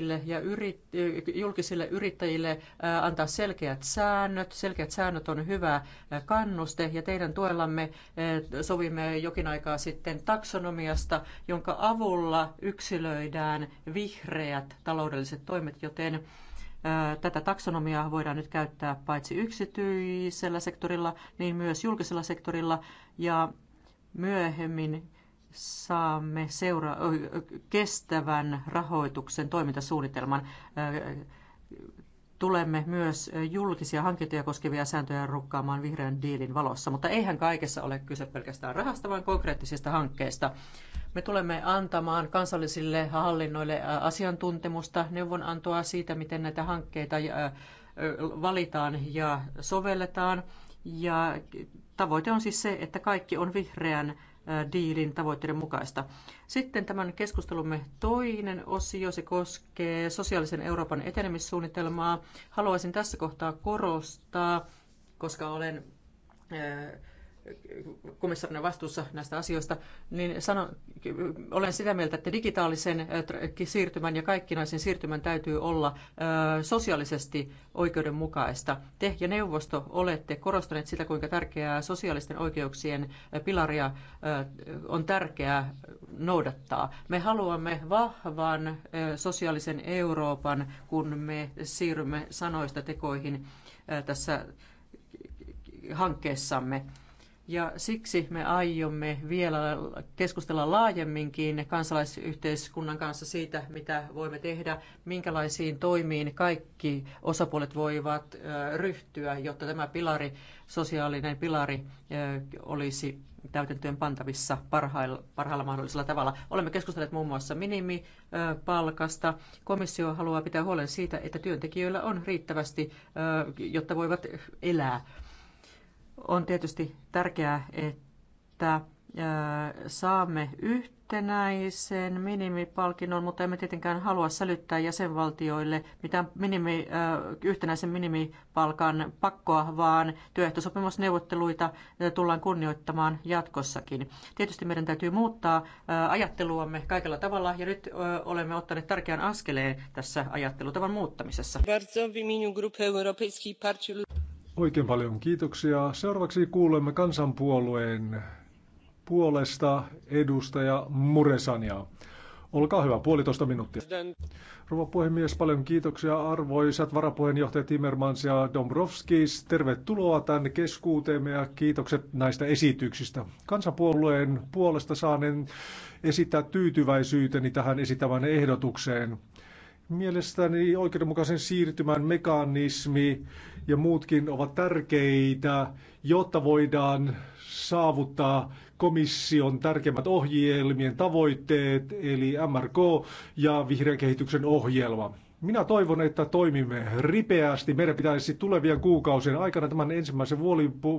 yrityksille ja yrit, julkisille yrittäjille antaa selkeät säännöt. Selkeät säännöt on hyvä kannuste ja teidän tuellamme sovimme jokin aikaa sitten taksonomiasta, jonka avulla yksilöidään vihreät taloudelliset toimet, joten Tätä taksonomiaa voidaan nyt käyttää paitsi yksityisellä sektorilla, niin myös julkisella sektorilla ja myöhemmin saamme seura- kestävän rahoituksen toimintasuunnitelman. Tulemme myös julkisia hankintoja koskevia sääntöjä rukkaamaan vihreän diilin valossa, mutta eihän kaikessa ole kyse pelkästään rahasta, vaan konkreettisista hankkeista. Me tulemme antamaan kansallisille hallinnoille asiantuntemusta, neuvonantoa siitä, miten näitä hankkeita valitaan ja sovelletaan. Ja tavoite on siis se, että kaikki on vihreän diilin tavoitteiden mukaista. Sitten tämän keskustelumme toinen osio, se koskee sosiaalisen Euroopan etenemissuunnitelmaa. Haluaisin tässä kohtaa korostaa, koska olen komissaarina vastuussa näistä asioista, niin sanon, olen sitä mieltä, että digitaalisen siirtymän ja kaikkinaisen siirtymän täytyy olla sosiaalisesti oikeudenmukaista. Te ja neuvosto olette korostaneet sitä, kuinka tärkeää sosiaalisten oikeuksien pilaria on tärkeää noudattaa. Me haluamme vahvan sosiaalisen Euroopan, kun me siirrymme sanoista tekoihin tässä hankkeessamme. Ja siksi me aiomme vielä keskustella laajemminkin kansalaisyhteiskunnan kanssa siitä, mitä voimme tehdä, minkälaisiin toimiin kaikki osapuolet voivat ryhtyä, jotta tämä pilari, sosiaalinen pilari olisi täytäntöön pantavissa parhailla, parhailla mahdollisella tavalla. Olemme keskustelleet muun muassa minimipalkasta. Komissio haluaa pitää huolen siitä, että työntekijöillä on riittävästi, jotta voivat elää on tietysti tärkeää, että äh, saamme yhtenäisen minimipalkinnon, mutta emme tietenkään halua sälyttää jäsenvaltioille mitään minimi, äh, yhtenäisen minimipalkan pakkoa, vaan työehtosopimusneuvotteluita äh, tullaan kunnioittamaan jatkossakin. Tietysti meidän täytyy muuttaa ajatteluamme kaikella tavalla, ja nyt olemme ottaneet tärkeän askeleen tässä ajattelutavan muuttamisessa. Bardzo w imieniu Grupy Europejskiej Partii Oikein paljon kiitoksia. Seuraavaksi kuulemme kansanpuolueen puolesta edustaja Muresania. Olkaa hyvä, puolitoista minuuttia. Rouva puhemies, paljon kiitoksia arvoisat varapuheenjohtajat Timmermans ja Dombrovskis. Tervetuloa tänne keskuuteemme ja kiitokset näistä esityksistä. Kansanpuolueen puolesta saanen esittää tyytyväisyyteni tähän esittävän ehdotukseen. Mielestäni oikeudenmukaisen siirtymän mekanismi ja muutkin ovat tärkeitä, jotta voidaan saavuttaa komission tärkeimmät ohjelmien tavoitteet, eli MRK ja vihreän kehityksen ohjelma. Minä toivon, että toimimme ripeästi. Meidän pitäisi tulevien kuukausien aikana, tämän ensimmäisen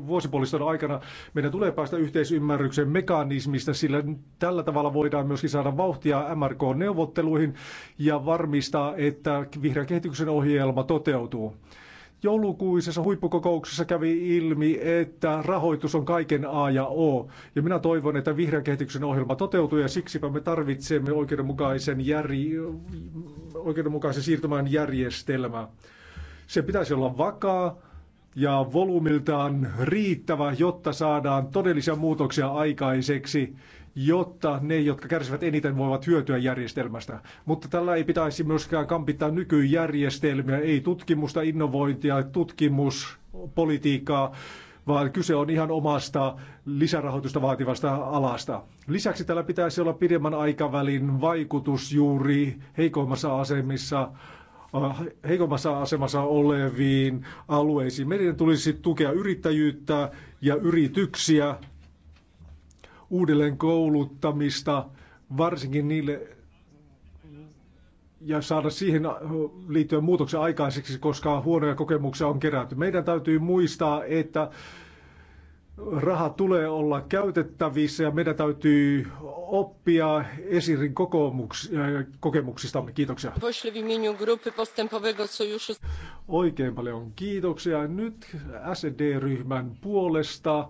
vuosipuoliston aikana, meidän tulee päästä yhteisymmärryksen mekanismista, sillä tällä tavalla voidaan myöskin saada vauhtia MRK-neuvotteluihin ja varmistaa, että vihreän kehityksen ohjelma toteutuu. Joulukuisessa huippukokouksessa kävi ilmi, että rahoitus on kaiken A ja O. Ja minä toivon, että vihreän kehityksen ohjelma toteutuu ja siksipä me tarvitsemme oikeudenmukaisen, järj... oikeudenmukaisen siirtymän järjestelmää. Se pitäisi olla vakaa ja volyymiltaan riittävä, jotta saadaan todellisia muutoksia aikaiseksi jotta ne, jotka kärsivät eniten, voivat hyötyä järjestelmästä. Mutta tällä ei pitäisi myöskään kampittaa nykyjärjestelmiä, ei tutkimusta, innovointia, tutkimuspolitiikkaa, vaan kyse on ihan omasta lisärahoitusta vaativasta alasta. Lisäksi tällä pitäisi olla pidemmän aikavälin vaikutus juuri heikoimmassa asemissa äh, heikommassa asemassa oleviin alueisiin. Meidän tulisi tukea yrittäjyyttä ja yrityksiä uudelleen kouluttamista, varsinkin niille ja saada siihen liittyen muutoksen aikaiseksi, koska huonoja kokemuksia on kerätty. Meidän täytyy muistaa, että raha tulee olla käytettävissä ja meidän täytyy oppia esirin kokemuksistamme. Kiitoksia. Oikein paljon kiitoksia. Nyt SD-ryhmän puolesta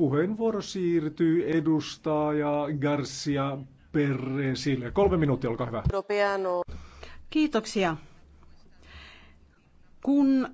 puheenvuoro siirtyy edustaja Garcia Perresille. Kolme minuuttia, olkaa hyvä. Kiitoksia. Kun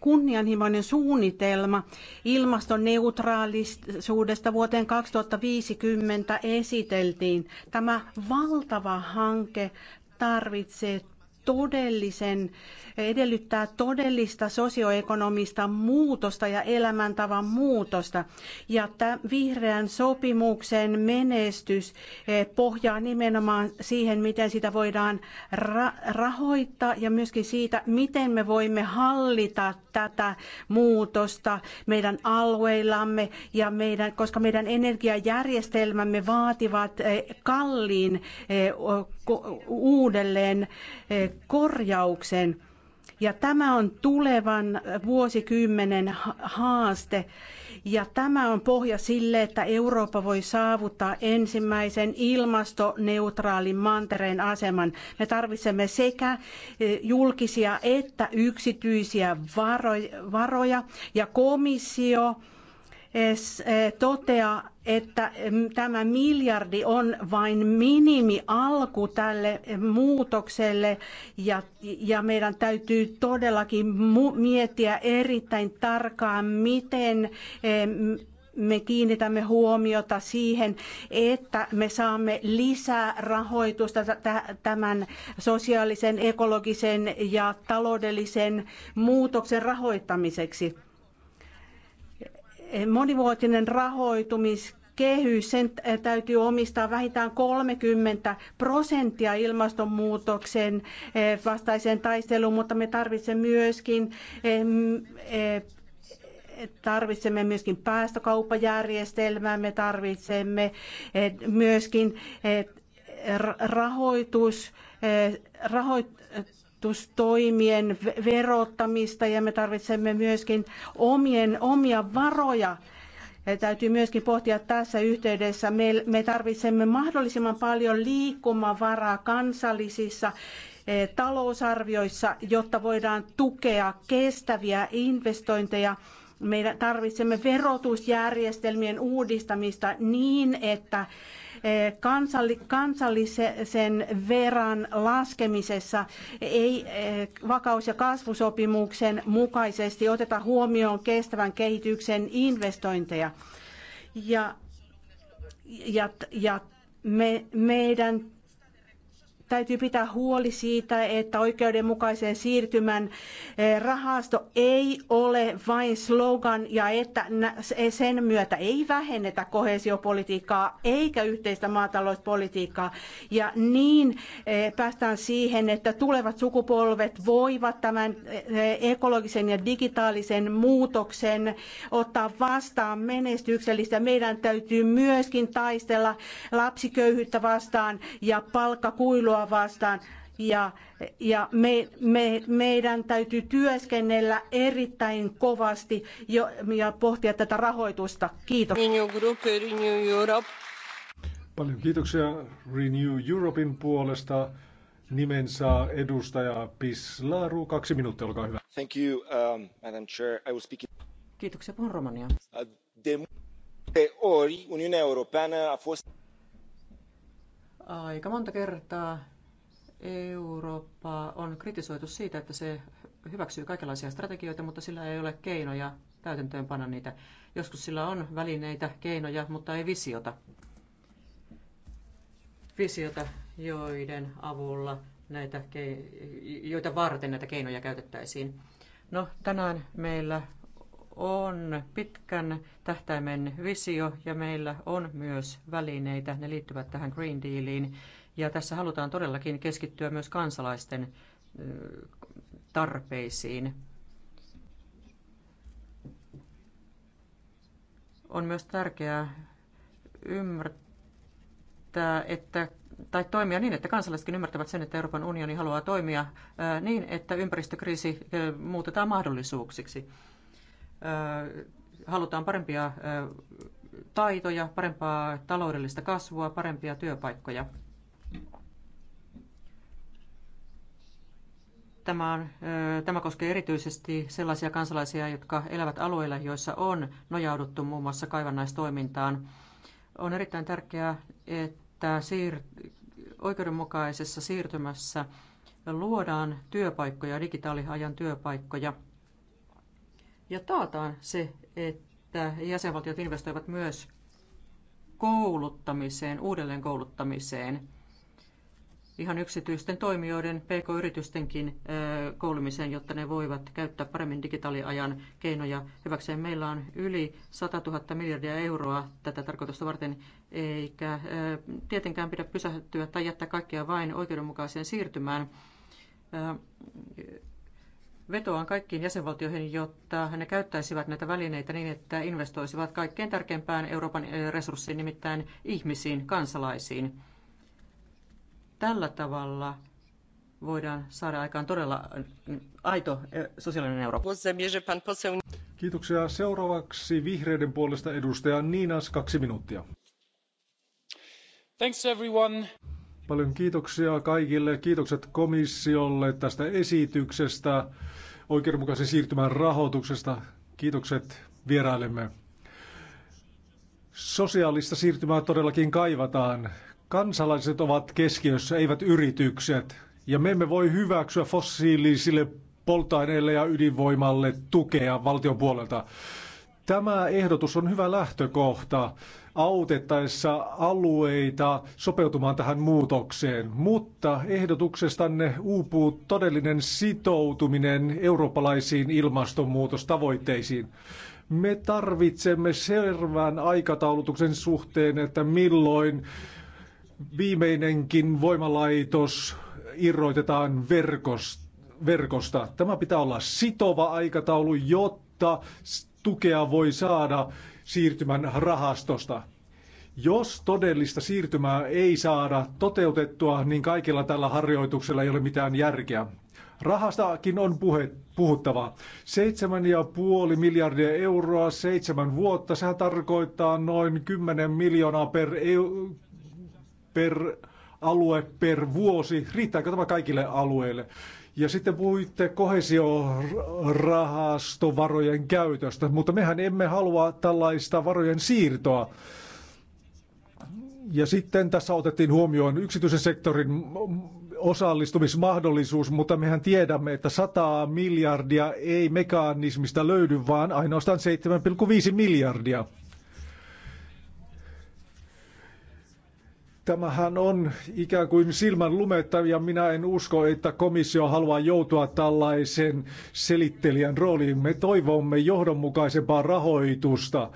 kunnianhimoinen suunnitelma ilmastoneutraalisuudesta vuoteen 2050 esiteltiin. Tämä valtava hanke tarvitsee todellisen, edellyttää todellista sosioekonomista muutosta ja elämäntavan muutosta. Ja tämä vihreän sopimuksen menestys eh, pohjaa nimenomaan siihen, miten sitä voidaan ra- rahoittaa ja myöskin siitä, miten me voimme hallita tätä muutosta meidän alueillamme ja meidän, koska meidän energiajärjestelmämme vaativat eh, kalliin eh, uudelleen korjauksen Ja tämä on tulevan vuosikymmenen haaste. Ja tämä on pohja sille, että Eurooppa voi saavuttaa ensimmäisen ilmastoneutraalin mantereen aseman. Me tarvitsemme sekä eh, julkisia että yksityisiä varoja. Ja komissio Eh, toteaa, että tämä miljardi on vain minimi alku tälle eh, muutokselle ja, ja meidän täytyy todellakin miettiä erittäin tarkkaan, miten me kiinnitämme huomiota siihen, että me saamme lisää rahoitusta tämän sosiaalisen, ekologisen ja taloudellisen muutoksen rahoittamiseksi monivuotinen rahoitumis kehys, sen täytyy omistaa vähintään 30 prosenttia ilmastonmuutoksen eh, vastaiseen taisteluun, mutta me tarvitsemme myöskin eh, tarvitsemme myöskin päästökauppajärjestelmää, me tarvitsemme eh, myöskin rahoitus, rahoit, rahoitustoimien verottamista ja me tarvitsemme myöskin omien, omia varoja. Ja täytyy myöskin pohtia tässä yhteydessä, me, me tarvitsemme mahdollisimman paljon liikkumavaraa kansallisissa eh, talousarvioissa, jotta voidaan tukea kestäviä investointeja. Me tarvitsemme verotusjärjestelmien uudistamista niin, että Eh, kansallisen veran laskemisessa ei eh, vakaus- ja kasvusopimuksen mukaisesti oteta huomioon kestävän kehityksen investointeja. Ja, ja, ja me, meidän täytyy pitää huoli siitä, että oikeudenmukaisen siirtymän eh, rahasto ei ole vain slogan ja että sen myötä ei vähennetä koheesiopolitiikkaa eikä yhteistä maatalouspolitiikkaa. Ja niin eh, päästään siihen, että tulevat sukupolvet voivat tämän eh, ekologisen ja digitaalisen muutoksen ottaa vastaan menestyksellistä. Meidän täytyy myöskin taistella lapsiköyhyyttä vastaan ja palkkakuilua hallintoa vastaan ja, ja me, me, meidän täytyy työskennellä erittäin kovasti jo, ja pohtia tätä rahoitusta. Kiitos. Paljon kiitoksia Renew Europein puolesta. Nimensä edustaja Pislaru. Kaksi minuuttia, olkaa hyvä. Thank you, um, Madam Chair. I will speak in... Kiitoksia, puhun romania. Uh, de multe ori Uniunea Europeană a fost Aika monta kertaa Eurooppa on kritisoitu siitä, että se hyväksyy kaikenlaisia strategioita, mutta sillä ei ole keinoja täytäntöönpanna niitä. Joskus sillä on välineitä, keinoja, mutta ei visiota. Visiota, joiden avulla näitä, joita varten näitä keinoja käytettäisiin. No, tänään meillä on pitkän tähtäimen visio ja meillä on myös välineitä. Ne liittyvät tähän Green Dealiin ja tässä halutaan todellakin keskittyä myös kansalaisten tarpeisiin. On myös tärkeää ymmärtää, että tai toimia niin, että kansalaisetkin ymmärtävät sen, että Euroopan unioni haluaa toimia niin, että ympäristökriisi muutetaan mahdollisuuksiksi halutaan parempia taitoja, parempaa taloudellista kasvua, parempia työpaikkoja. Tämä, on, tämä koskee erityisesti sellaisia kansalaisia, jotka elävät alueilla, joissa on nojauduttu muun muassa kaivannaistoimintaan. On erittäin tärkeää, että siir- oikeudenmukaisessa siirtymässä luodaan työpaikkoja, digitaaliajan työpaikkoja – ja taataan se, että jäsenvaltiot investoivat myös kouluttamiseen, uudelleen kouluttamiseen, ihan yksityisten toimijoiden, pk-yritystenkin koulumiseen, jotta ne voivat käyttää paremmin digitaaliajan keinoja hyväkseen. Meillä on yli 100 000 miljardia euroa tätä tarkoitusta varten, eikä tietenkään pidä pysähtyä tai jättää kaikkia vain oikeudenmukaiseen siirtymään Vetoan kaikkiin jäsenvaltioihin, jotta ne käyttäisivät näitä välineitä niin, että investoisivat kaikkein tärkeimpään Euroopan eh, resurssiin, nimittäin ihmisiin, kansalaisiin. Tällä tavalla voidaan saada aikaan todella eh, aito eh, sosiaalinen Eurooppa. Kiitoksia. Seuraavaksi vihreiden puolesta edustaja Niinas, kaksi minuuttia. Thanks everyone. Paljon kiitoksia kaikille. Kiitokset komissiolle tästä esityksestä, oikeudenmukaisen siirtymän rahoituksesta. Kiitokset vierailemme. Sosiaalista siirtymää todellakin kaivataan. Kansalaiset ovat keskiössä, eivät yritykset. Ja me emme voi hyväksyä fossiilisille polttoaineille ja ydinvoimalle tukea valtion puolelta. Tämä ehdotus on hyvä lähtökohta autettaessa alueita sopeutumaan tähän muutokseen, mutta ehdotuksestanne uupuu todellinen sitoutuminen eurooppalaisiin ilmastonmuutostavoitteisiin. Me tarvitsemme selvän aikataulutuksen suhteen, että milloin viimeinenkin voimalaitos irroitetaan verkosta. Tämä pitää olla sitova aikataulu, jotta tukea voi saada siirtymän rahastosta. Jos todellista siirtymää ei saada toteutettua, niin kaikilla tällä harjoituksella ei ole mitään järkeä. Rahastakin on puhe, puhuttava. 7,5 miljardia euroa seitsemän vuotta, sehän tarkoittaa noin 10 miljoonaa per, eu, per alue per vuosi. Riittääkö tämä kaikille alueille? Ja sitten puhuitte kohesiorahastovarojen käytöstä, mutta mehän emme halua tällaista varojen siirtoa. Ja sitten tässä otettiin huomioon yksityisen sektorin osallistumismahdollisuus, mutta mehän tiedämme, että 100 miljardia ei mekanismista löydy, vaan ainoastaan 7,5 miljardia. Tämähän on ikään kuin silmän lumetta ja minä en usko, että komissio haluaa joutua tällaisen selittelijän rooliin. Me toivomme johdonmukaisempaa rahoitusta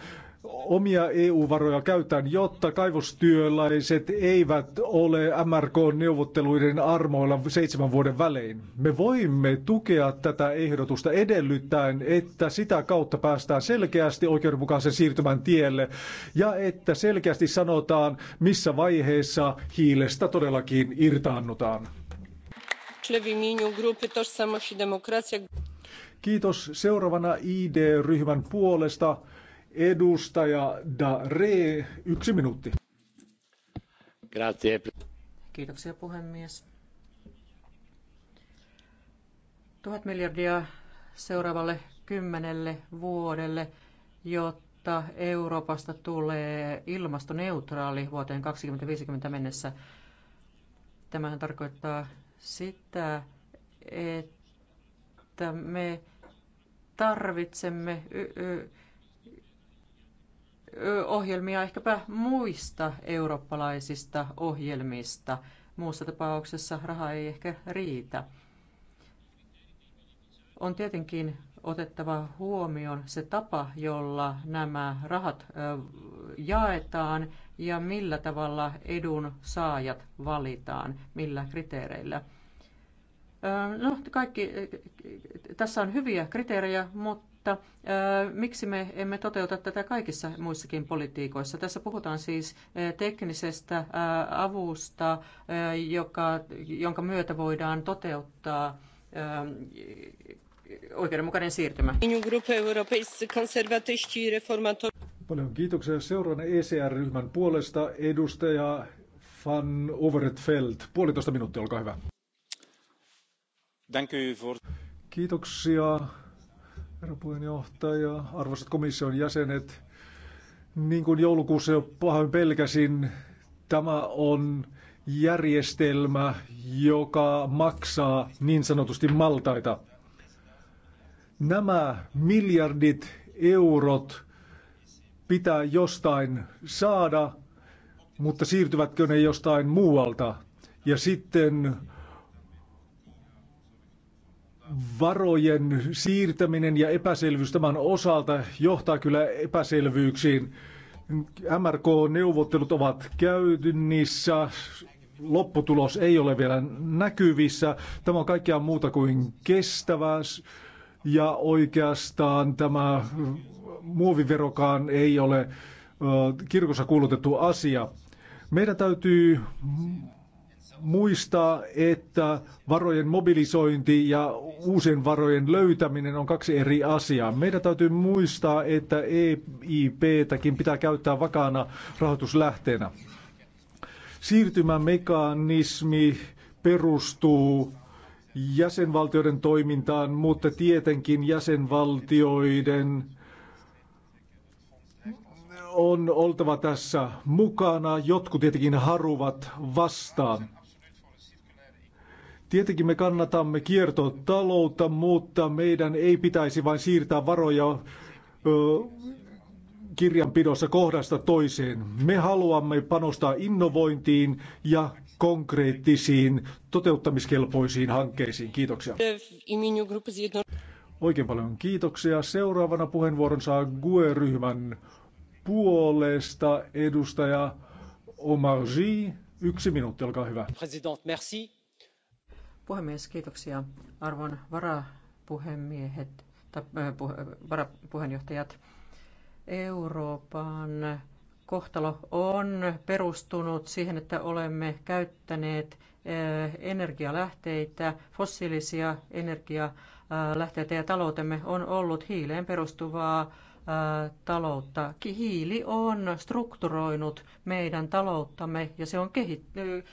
omia EU-varoja käytän, jotta kaivostyöläiset eivät ole MRK-neuvotteluiden armoilla seitsemän vuoden välein. Me voimme tukea tätä ehdotusta edellyttäen, että sitä kautta päästään selkeästi oikeudenmukaisen siirtymän tielle ja että selkeästi sanotaan, missä vaiheessa hiilestä todellakin irtaannutaan. Kiitos. Seuraavana ID-ryhmän puolesta Edustaja Dare, yksi minuutti. Kiitoksia puhemies. Tuhat miljardia seuraavalle kymmenelle vuodelle, jotta Euroopasta tulee ilmastoneutraali vuoteen 2050 mennessä. Tämähän tarkoittaa sitä, että me tarvitsemme ohjelmia ehkäpä muista eurooppalaisista ohjelmista. Muussa tapauksessa raha ei ehkä riitä. On tietenkin otettava huomioon se tapa, jolla nämä rahat jaetaan ja millä tavalla edun saajat valitaan, millä kriteereillä. No, kaikki, tässä on hyviä kriteerejä, mutta mutta miksi me emme toteuta tätä kaikissa muissakin politiikoissa? Tässä puhutaan siis teknisestä avusta, joka, jonka myötä voidaan toteuttaa oikeudenmukainen siirtymä. Paljon kiitoksia seuraavan ECR-ryhmän puolesta edustaja Van Overetfeld. Puolitoista minuuttia, olkaa hyvä. Kiitoksia herra puheenjohtaja, arvoisat komission jäsenet. Niin kuin joulukuussa jo pahoin pelkäsin, tämä on järjestelmä, joka maksaa niin sanotusti maltaita. Nämä miljardit eurot pitää jostain saada, mutta siirtyvätkö ne jostain muualta? Ja sitten varojen siirtäminen ja epäselvyys tämän osalta johtaa kyllä epäselvyyksiin. MRK-neuvottelut ovat käynnissä, lopputulos ei ole vielä näkyvissä. Tämä on kaikkea muuta kuin kestävää ja oikeastaan tämä muoviverokaan ei ole kirkossa kuulutettu asia. Meidän täytyy muistaa, että varojen mobilisointi ja uusien varojen löytäminen on kaksi eri asiaa. Meidän täytyy muistaa, että EIP-täkin pitää käyttää vakaana rahoituslähteenä. Siirtymämekanismi perustuu jäsenvaltioiden toimintaan, mutta tietenkin jäsenvaltioiden on oltava tässä mukana. Jotkut tietenkin haruvat vastaan. Tietenkin me kannatamme kiertotaloutta, mutta meidän ei pitäisi vain siirtää varoja ö, kirjanpidossa kohdasta toiseen. Me haluamme panostaa innovointiin ja konkreettisiin toteuttamiskelpoisiin hankkeisiin. Kiitoksia. Oikein paljon kiitoksia. Seuraavana puheenvuoron saa GUE-ryhmän puolesta edustaja Omarji. Yksi minuutti, olkaa hyvä. President, merci. Puhemies, kiitoksia. Arvon varapuhemiehet tai varapuheenjohtajat. Euroopan kohtalo on perustunut siihen, että olemme käyttäneet energialähteitä, fossiilisia energialähteitä ja taloutemme on ollut hiileen perustuvaa taloutta. Hiili on strukturoinut meidän talouttamme ja se on kehittynyt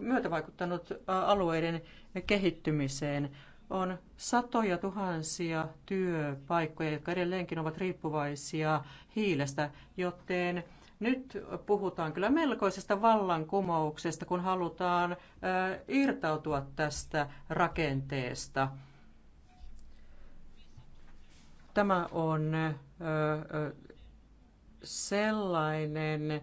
myötävaikuttanut alueiden kehittymiseen. On satoja tuhansia työpaikkoja, jotka edelleenkin ovat riippuvaisia hiilestä, joten nyt puhutaan kyllä melkoisesta vallankumouksesta, kun halutaan irtautua tästä rakenteesta. Tämä on sellainen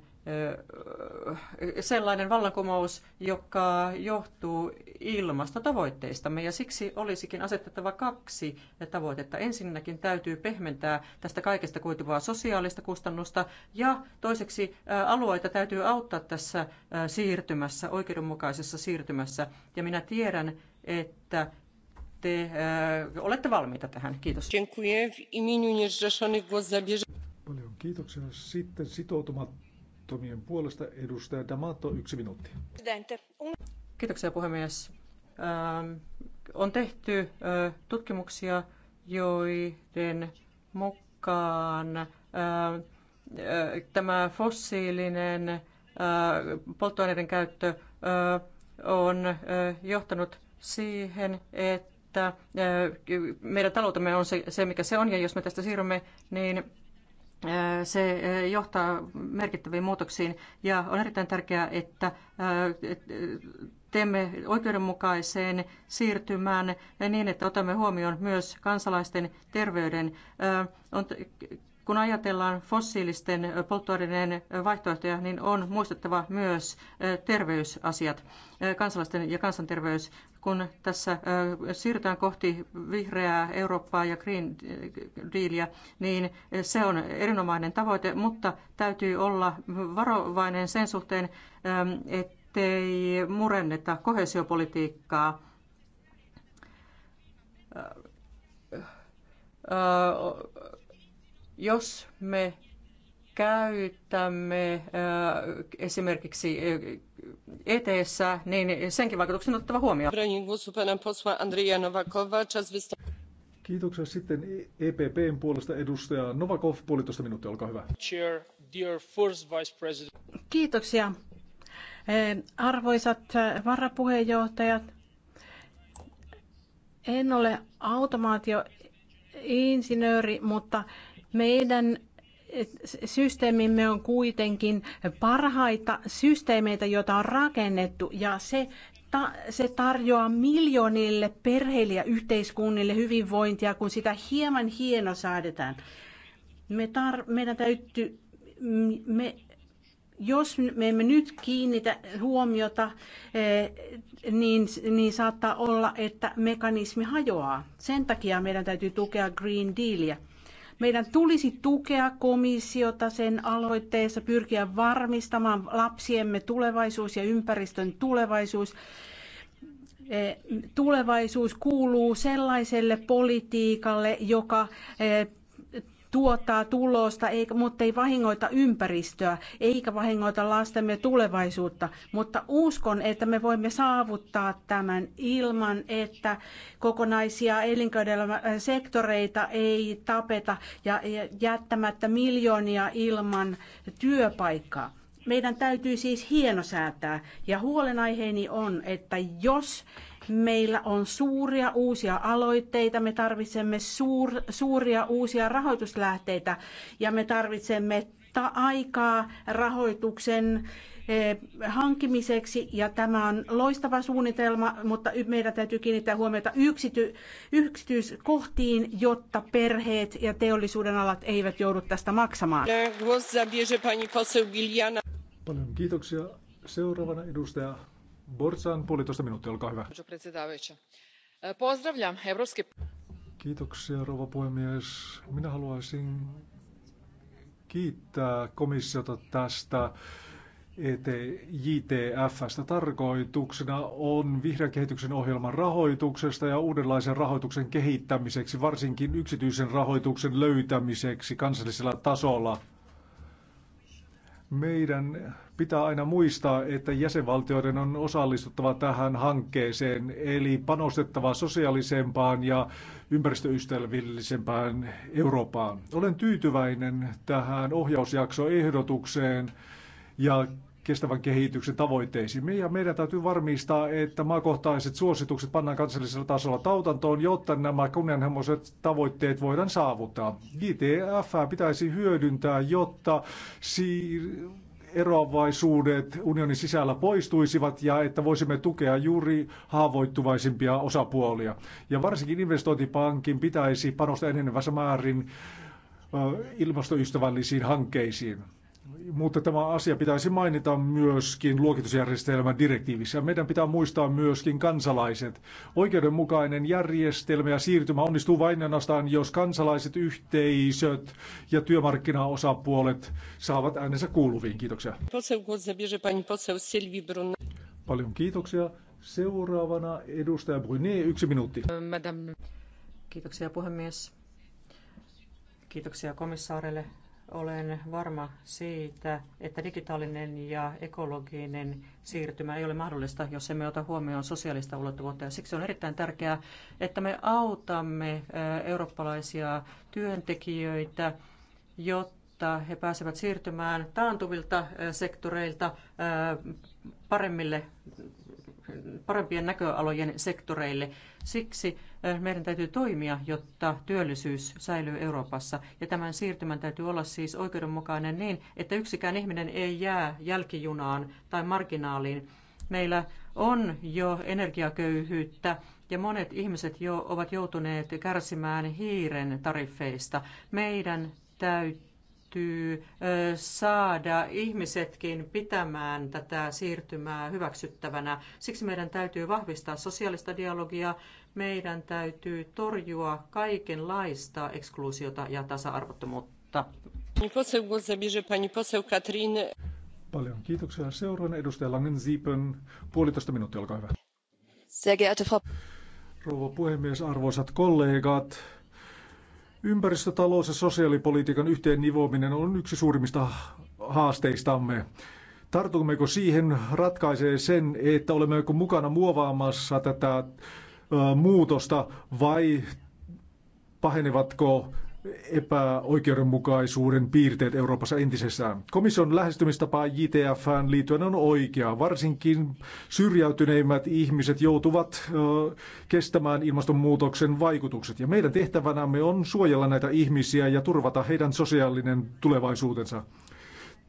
sellainen vallankumous, joka johtuu ilmastotavoitteistamme. Ja siksi olisikin asetettava kaksi tavoitetta. Ensinnäkin täytyy pehmentää tästä kaikesta kuituvaa sosiaalista kustannusta ja toiseksi alueita täytyy auttaa tässä siirtymässä, oikeudenmukaisessa siirtymässä. Ja minä tiedän, että te olette valmiita tähän. Kiitos. Paljon kiitoksia. Sitten sitoutumatta Autottomien puolesta edustaja Damato, yksi minuutti. Kiitoksia puhemies. Ähm, on tehty tutkimuksia, joiden mukaan tämä fossiilinen polttoaineiden käyttö on johtanut siihen, että meidän taloutemme on se, mikä se on, ja jos me tästä siirrymme, niin se johtaa merkittäviin muutoksiin ja on erittäin tärkeää, että teemme oikeudenmukaiseen siirtymään niin, että otamme huomioon myös kansalaisten terveyden. On kun ajatellaan fossiilisten polttoaineiden vaihtoehtoja, niin on muistettava myös terveysasiat, kansalaisten ja kansanterveys. Kun tässä siirrytään kohti vihreää Eurooppaa ja Green Dealia, niin se on erinomainen tavoite, mutta täytyy olla varovainen sen suhteen, ettei murenneta kohesiopolitiikkaa jos me käytämme äh, esimerkiksi äh, eteessä, niin senkin vaikutuksen ottava huomioon. Kiitoksia sitten EPPn puolesta edustaja Novakov, puolitoista minuuttia, olkaa hyvä. Chair, dear first vice president. Kiitoksia. Eh, arvoisat eh, varapuheenjohtajat, en ole automaatioinsinööri, mutta meidän eh, systeemimme on kuitenkin parhaita systeemeitä, joita on rakennettu, ja se, ta, se tarjoaa miljoonille perheille ja yhteiskunnille hyvinvointia, kun sitä hieman hieno säädetään. Me tar, meidän täytyy, me, jos me emme nyt kiinnitä huomiota, eh, niin, niin saattaa olla, että mekanismi hajoaa. Sen takia meidän täytyy tukea Green Dealia meidän tulisi tukea komissiota sen aloitteessa pyrkiä varmistamaan lapsiemme tulevaisuus ja ympäristön tulevaisuus eh, tulevaisuus kuuluu sellaiselle politiikalle, joka eh, tuottaa tulosta, eikä, mutta ei vahingoita ympäristöä, eikä vahingoita lastemme tulevaisuutta. Mutta uskon, että me voimme saavuttaa tämän ilman, että kokonaisia elinkeinoelämän sektoreita ei tapeta ja jättämättä miljoonia ilman työpaikkaa. Meidän täytyy siis hienosäätää ja huolenaiheeni on, että jos Meillä on suuria uusia aloitteita, me tarvitsemme suur, suuria uusia rahoituslähteitä ja me tarvitsemme ta- aikaa rahoituksen eh, hankkimiseksi ja tämä on loistava suunnitelma, mutta meidän täytyy kiinnittää huomiota yksity, yksityiskohtiin, jotta perheet ja teollisuuden alat eivät joudu tästä maksamaan. Paljon kiitoksia. Seuraavana edustaja Borsan puolitoista minuuttia, olkaa hyvä. Pozdravljam, Evropski... Kiitoksia, rouva puhemies. Minä haluaisin kiittää komissiota tästä e JTFstä. Tarkoituksena on vihreän kehityksen ohjelman rahoituksesta ja uudenlaisen rahoituksen kehittämiseksi, varsinkin yksityisen rahoituksen löytämiseksi kansallisella tasolla. Meidän pitää aina muistaa, että jäsenvaltioiden on osallistuttava tähän hankkeeseen, eli panostettava sosiaalisempaan ja ympäristöystävällisempään Eurooppaan. Olen tyytyväinen tähän ohjausjaksoehdotukseen ja kestävän kehityksen tavoitteisiin. Ja meidän täytyy varmistaa, että maakohtaiset suositukset pannaan kansallisella tasolla tautantoon, jotta nämä kunnianhimoiset tavoitteet voidaan saavuttaa. GTF pitäisi hyödyntää, jotta siir- eroavaisuudet unionin sisällä poistuisivat ja että voisimme tukea juuri haavoittuvaisimpia osapuolia. Ja varsinkin investointipankin pitäisi panostaa enenevässä määrin ilmastoystävällisiin hankkeisiin. Mutta tämä asia pitäisi mainita myöskin luokitusjärjestelmän direktiivissä. Meidän pitää muistaa myöskin kansalaiset. Oikeudenmukainen järjestelmä ja siirtymä onnistuu vain ainoastaan, jos kansalaiset, yhteisöt ja työmarkkinaosapuolet saavat äänensä kuuluviin. Kiitoksia. Paljon kiitoksia. Seuraavana edustaja Brunet, yksi minuutti. Madame. Kiitoksia puhemies. Kiitoksia komissaarille olen varma siitä, että digitaalinen ja ekologinen siirtymä ei ole mahdollista, jos emme ota huomioon sosiaalista ulottuvuutta. Ja siksi on erittäin tärkeää, että me autamme eurooppalaisia työntekijöitä, jotta he pääsevät siirtymään taantuvilta sektoreilta paremmille parempien näköalojen sektoreille. Siksi eh, meidän täytyy toimia, jotta työllisyys säilyy Euroopassa. Ja tämän siirtymän täytyy olla siis oikeudenmukainen niin, että yksikään ihminen ei jää jälkijunaan tai marginaaliin. Meillä on jo energiaköyhyyttä ja monet ihmiset jo ovat joutuneet kärsimään hiiren tariffeista. Meidän täytyy täytyy saada ihmisetkin pitämään tätä siirtymää hyväksyttävänä. Siksi meidän täytyy vahvistaa sosiaalista dialogia, meidän täytyy torjua kaikenlaista eksklusiota ja tasa-arvottomuutta. Paljon kiitoksia. Seuraan edustaja Langen Siipön. Puolitoista minuuttia, olkaa hyvä. Rouva puhemies, arvoisat kollegat. Ympäristötalous ja sosiaalipolitiikan yhteen nivoaminen on yksi suurimmista haasteistamme. Tartummeko siihen ratkaisee sen, että olemmeko mukana muovaamassa tätä muutosta vai pahenevatko epäoikeudenmukaisuuden piirteet Euroopassa entisessään. Komission lähestymistapa JTFään liittyen on oikea. Varsinkin syrjäytyneimmät ihmiset joutuvat ö, kestämään ilmastonmuutoksen vaikutukset. Ja meidän tehtävänämme on suojella näitä ihmisiä ja turvata heidän sosiaalinen tulevaisuutensa.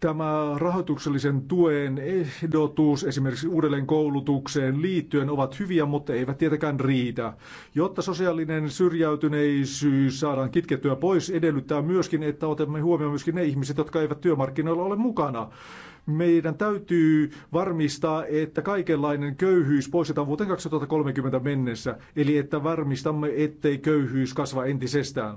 Tämä rahoituksellisen tuen ehdotus esimerkiksi uudelleen koulutukseen liittyen ovat hyviä, mutta eivät tietenkään riitä. Jotta sosiaalinen syrjäytyneisyys saadaan kitkettyä pois, edellyttää myöskin, että otamme huomioon myöskin ne ihmiset, jotka eivät työmarkkinoilla ole mukana. Meidän täytyy varmistaa, että kaikenlainen köyhyys poistetaan vuoteen 2030 mennessä, eli että varmistamme, ettei köyhyys kasva entisestään.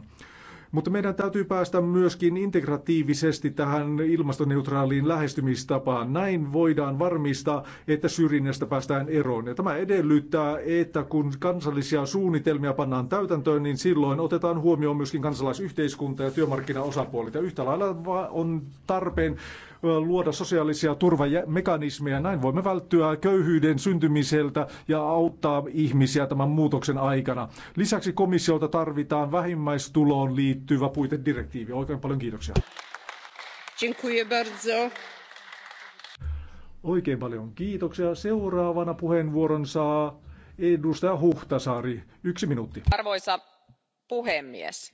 Mutta meidän täytyy päästä myöskin integratiivisesti tähän ilmastoneutraaliin lähestymistapaan. Näin voidaan varmistaa, että syrjinnästä päästään eroon. Ja tämä edellyttää, että kun kansallisia suunnitelmia pannaan täytäntöön, niin silloin otetaan huomioon myöskin kansalaisyhteiskunta ja työmarkkinaosapuolet. Ja yhtä lailla on tarpeen luoda sosiaalisia turvamekanismeja. Näin voimme välttyä köyhyyden syntymiseltä ja auttaa ihmisiä tämän muutoksen aikana. Lisäksi komissiolta tarvitaan vähimmäistuloon liittyvä puitedirektiivi. Oikein paljon kiitoksia. Oikein paljon kiitoksia. Seuraavana puheenvuoron saa edustaja Huhtasaari. Yksi minuutti. Arvoisa puhemies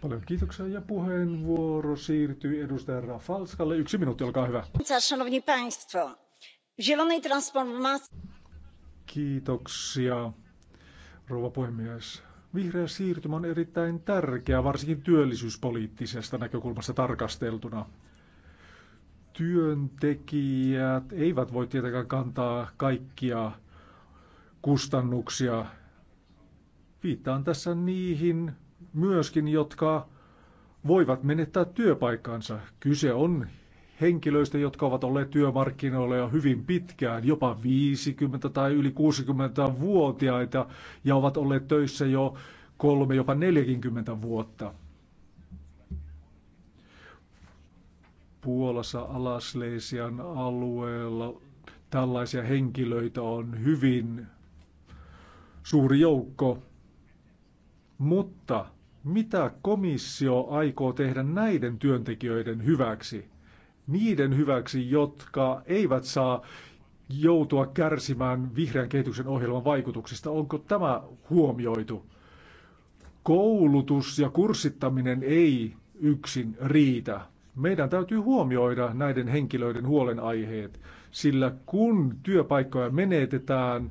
Paljon kiitoksia ja puheenvuoro siirtyy edustaja Rafalskalle. Yksi minuutti, olkaa hyvä. Szanowni Państwo, zielonej transformacji... Kiitoksia, rouva puhemies. Vihreä siirtymä on erittäin tärkeä, varsinkin työllisyyspoliittisesta näkökulmasta tarkasteltuna. Työntekijät eivät voi tietenkään kantaa kaikkia kustannuksia. Viittaan tässä niihin myöskin, jotka voivat menettää työpaikkansa. Kyse on henkilöistä, jotka ovat olleet työmarkkinoilla jo hyvin pitkään, jopa 50 tai yli 60-vuotiaita ja ovat olleet töissä jo kolme, jopa 40 vuotta. Puolassa Alasleisian alueella tällaisia henkilöitä on hyvin suuri joukko. Mutta mitä komissio aikoo tehdä näiden työntekijöiden hyväksi? Niiden hyväksi, jotka eivät saa joutua kärsimään vihreän kehityksen ohjelman vaikutuksista. Onko tämä huomioitu? Koulutus ja kurssittaminen ei yksin riitä. Meidän täytyy huomioida näiden henkilöiden huolenaiheet, sillä kun työpaikkoja menetetään,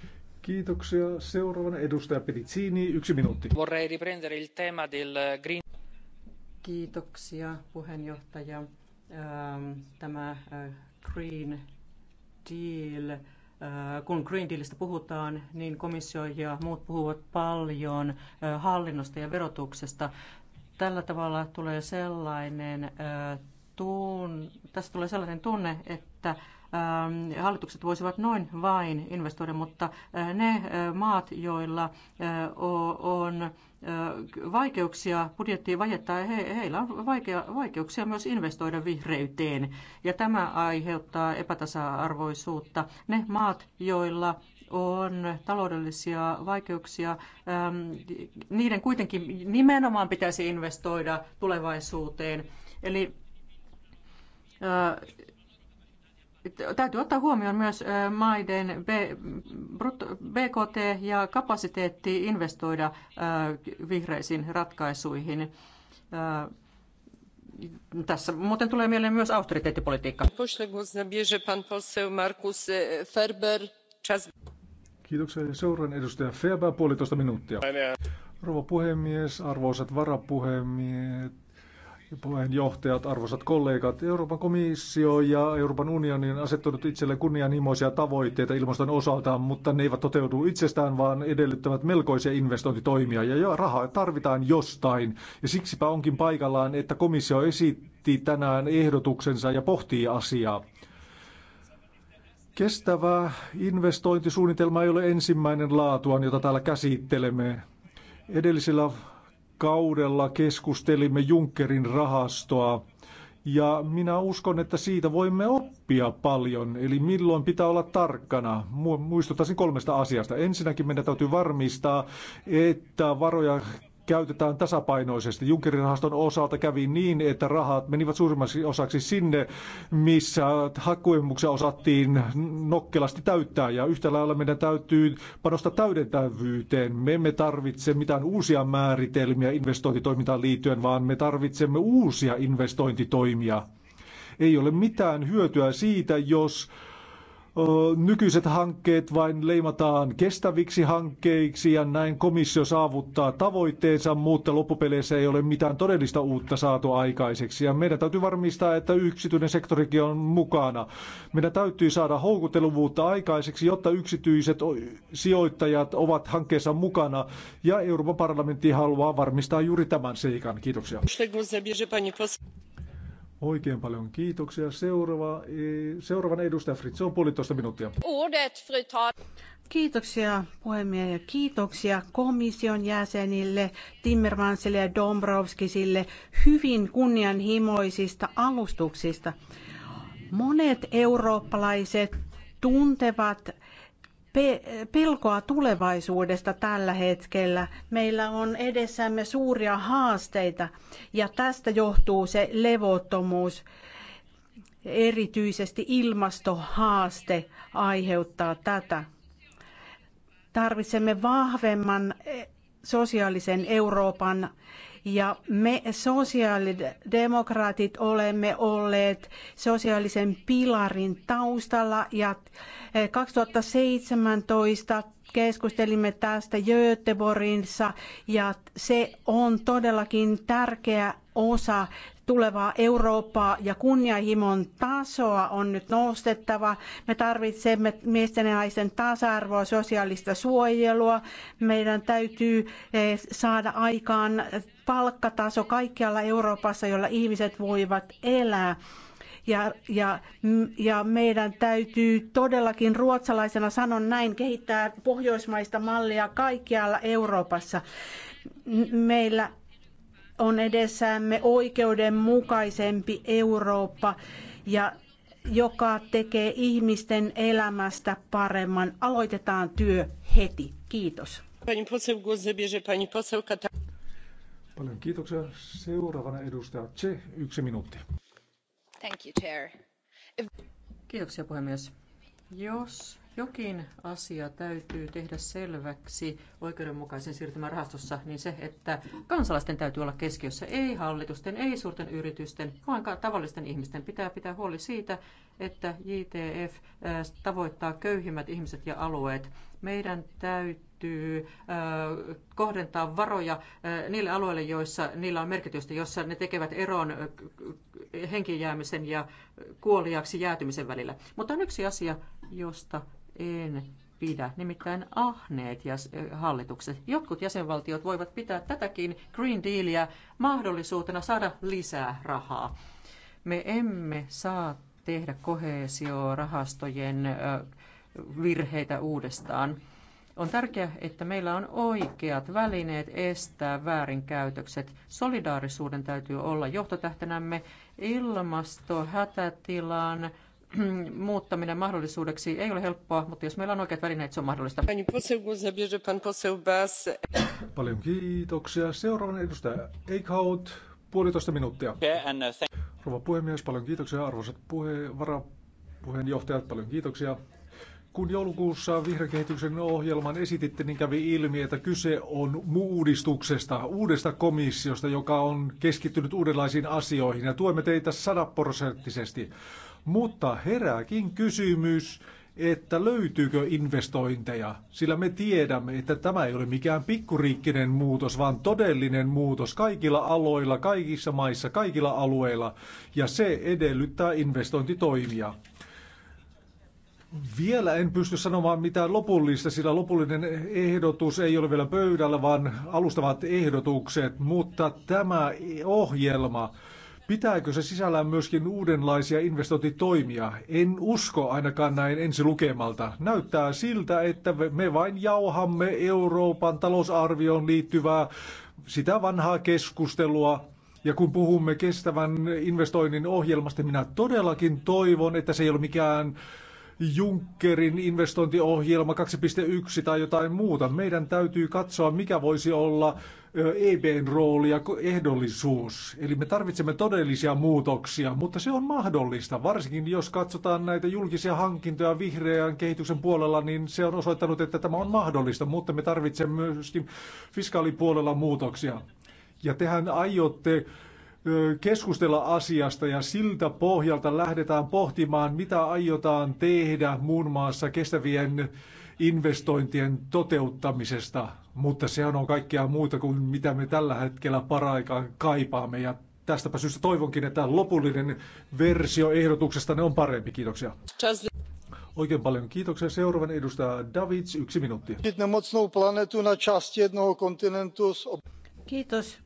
Kiitoksia. Seuraavana edustaja Pedicini, yksi minuutti. Vorrei riprendere il tema del green... Kiitoksia puheenjohtaja. Ähm, tämä äh, Green Deal, äh, kun Green Dealista puhutaan, niin komissio ja muut puhuvat paljon äh, hallinnosta ja verotuksesta. Tällä tavalla tulee sellainen, tässä tulee sellainen tunne, että Ähm, hallitukset voisivat noin vain investoida, mutta äh, ne äh, maat, joilla äh, on vaikeuksia, budjettiin vajettaa, he, heillä on vaikea, vaikeuksia myös investoida vihreyteen. Ja tämä aiheuttaa epätasa-arvoisuutta. Ne maat, joilla on taloudellisia vaikeuksia, ähm, niiden kuitenkin nimenomaan pitäisi investoida tulevaisuuteen. Eli täytyy ottaa huomioon myös maiden BKT ja kapasiteetti investoida vihreisiin ratkaisuihin. Tässä muuten tulee mieleen myös austeriteettipolitiikka. E, Kiitoksia. Seuraan edustaja Ferber, puolitoista minuuttia. Rouva puhemies, arvoisat varapuhemiehet, puheenjohtajat, arvoisat kollegat, Euroopan komissio ja Euroopan unioni on asettanut itselle kunnianhimoisia tavoitteita ilmaston osalta, mutta ne eivät toteudu itsestään, vaan edellyttävät melkoisia investointitoimia ja rahaa tarvitaan jostain. Ja siksipä onkin paikallaan, että komissio esitti tänään ehdotuksensa ja pohtii asiaa. Kestävä investointisuunnitelma ei ole ensimmäinen laatuaan, jota täällä käsittelemme. Edellisellä kaudella keskustelimme Junckerin rahastoa. Ja minä uskon, että siitä voimme oppia paljon, eli milloin pitää olla tarkkana. Muistuttaisin kolmesta asiasta. Ensinnäkin meidän täytyy varmistaa, että varoja käytetään tasapainoisesti. Junckerin rahaston osalta kävi niin, että rahat menivät suurimmaksi osaksi sinne, missä hakkuemuksia osattiin nokkelasti täyttää. Ja yhtä lailla meidän täytyy panostaa täydentävyyteen. Me emme tarvitse mitään uusia määritelmiä investointitoimintaan liittyen, vaan me tarvitsemme uusia investointitoimia. Ei ole mitään hyötyä siitä, jos nykyiset hankkeet vain leimataan kestäviksi hankkeiksi ja näin komissio saavuttaa tavoitteensa, mutta loppupeleissä ei ole mitään todellista uutta saatu aikaiseksi. Ja meidän täytyy varmistaa, että yksityinen sektorikin on mukana. Meidän täytyy saada houkuteluvuutta aikaiseksi, jotta yksityiset sijoittajat ovat hankkeessa mukana. Ja Euroopan parlamentti haluaa varmistaa juuri tämän seikan. Kiitoksia. Oikein paljon kiitoksia. Seuraava, e, seuraavan edustaja Fritz, on puolitoista minuuttia. Uudet Kiitoksia puhemies ja kiitoksia komission jäsenille, Timmermansille ja Dombrovskisille hyvin kunnianhimoisista alustuksista. Monet eurooppalaiset tuntevat pelkoa tulevaisuudesta tällä hetkellä. Meillä on edessämme suuria haasteita ja tästä johtuu se levottomuus. Erityisesti ilmastohaaste aiheuttaa tätä. Tarvitsemme vahvemman sosiaalisen Euroopan ja me sosiaalidemokraatit olemme olleet sosiaalisen pilarin taustalla ja 2017 eh, keskustelimme tästä Göteborgissa ja se on todellakin tärkeä osa tulevaa Eurooppaa ja kunnianhimon tasoa on nyt nostettava. Me tarvitsemme miesten ja naisten tasa-arvoa, sosiaalista suojelua. Meidän täytyy eh, saada aikaan palkkataso kaikkialla Euroopassa, jolla ihmiset voivat elää. Ja, ja, ja meidän täytyy todellakin ruotsalaisena sanon näin kehittää pohjoismaista mallia kaikkialla Euroopassa. Meillä on edessämme oikeudenmukaisempi Eurooppa ja joka tekee ihmisten elämästä paremman. Aloitetaan työ heti. Kiitos. Pani Pani Paljon kiitoksia. Seuraavana edustaja Tse, yksi minuutti. Thank you, Chair. Kiitoksia puhemies. Jos jokin asia täytyy tehdä selväksi oikeudenmukaisen siirtymän rahastossa, niin se, että kansalaisten täytyy olla keskiössä, ei hallitusten, ei suurten yritysten, vaan tavallisten ihmisten pitää pitää huoli siitä, että JTF äh, tavoittaa köyhimmät ihmiset ja alueet. Meidän täytyy äh, kohdentaa varoja äh, niille alueille, joissa niillä on merkitystä, jossa ne tekevät eron henkijäämisen ja kuoliaksi jäätymisen välillä. Mutta on yksi asia, josta en pidä, nimittäin ahneet ja eh, hallitukset. Jotkut jäsenvaltiot voivat pitää tätäkin Green Dealia mahdollisuutena saada lisää rahaa. Me emme saa tehdä kohesiorahastojen eh, virheitä uudestaan. On tärkeää, että meillä on oikeat välineet estää väärinkäytökset. Solidaarisuuden täytyy olla johtotähtenämme ilmasto, hätätilan, muuttaminen mahdollisuudeksi ei ole helppoa, mutta jos meillä on oikeat välineet, se on mahdollista. Paljon kiitoksia. Seuraavana edustaja Eichhout, puolitoista minuuttia. Uh, Rouva puhemies, paljon kiitoksia. Arvoisat puhe, varapuheenjohtajat, paljon kiitoksia. Kun joulukuussa vihreän ohjelman esititte, niin kävi ilmi, että kyse on muudistuksesta, uudesta komissiosta, joka on keskittynyt uudenlaisiin asioihin ja tuemme teitä sadaprosenttisesti. Mutta herääkin kysymys, että löytyykö investointeja, sillä me tiedämme, että tämä ei ole mikään pikkuriikkinen muutos, vaan todellinen muutos kaikilla aloilla, kaikissa maissa, kaikilla alueilla, ja se edellyttää investointitoimia. Vielä en pysty sanomaan mitään lopullista, sillä lopullinen ehdotus ei ole vielä pöydällä, vaan alustavat ehdotukset, mutta tämä ohjelma, Pitääkö se sisällään myöskin uudenlaisia investointitoimia? En usko ainakaan näin ensi lukemalta. Näyttää siltä, että me vain jauhamme Euroopan talousarvioon liittyvää sitä vanhaa keskustelua. Ja kun puhumme kestävän investoinnin ohjelmasta, minä todellakin toivon, että se ei ole mikään Junckerin investointiohjelma 2.1 tai jotain muuta. Meidän täytyy katsoa, mikä voisi olla EBn rooli ja ehdollisuus. Eli me tarvitsemme todellisia muutoksia, mutta se on mahdollista. Varsinkin jos katsotaan näitä julkisia hankintoja vihreän kehityksen puolella, niin se on osoittanut, että tämä on mahdollista, mutta me tarvitsemme myöskin fiskaalipuolella muutoksia. Ja tehän aiotte keskustella asiasta ja siltä pohjalta lähdetään pohtimaan, mitä aiotaan tehdä muun muassa kestävien investointien toteuttamisesta, mutta se on kaikkea muuta kuin mitä me tällä hetkellä paraikaan kaipaamme ja tästäpä syystä toivonkin, että lopullinen versio ehdotuksesta ne on parempi. Kiitoksia. Oikein paljon kiitoksia. Seuraavan edustaja Davids, yksi minuutti. Kiitos.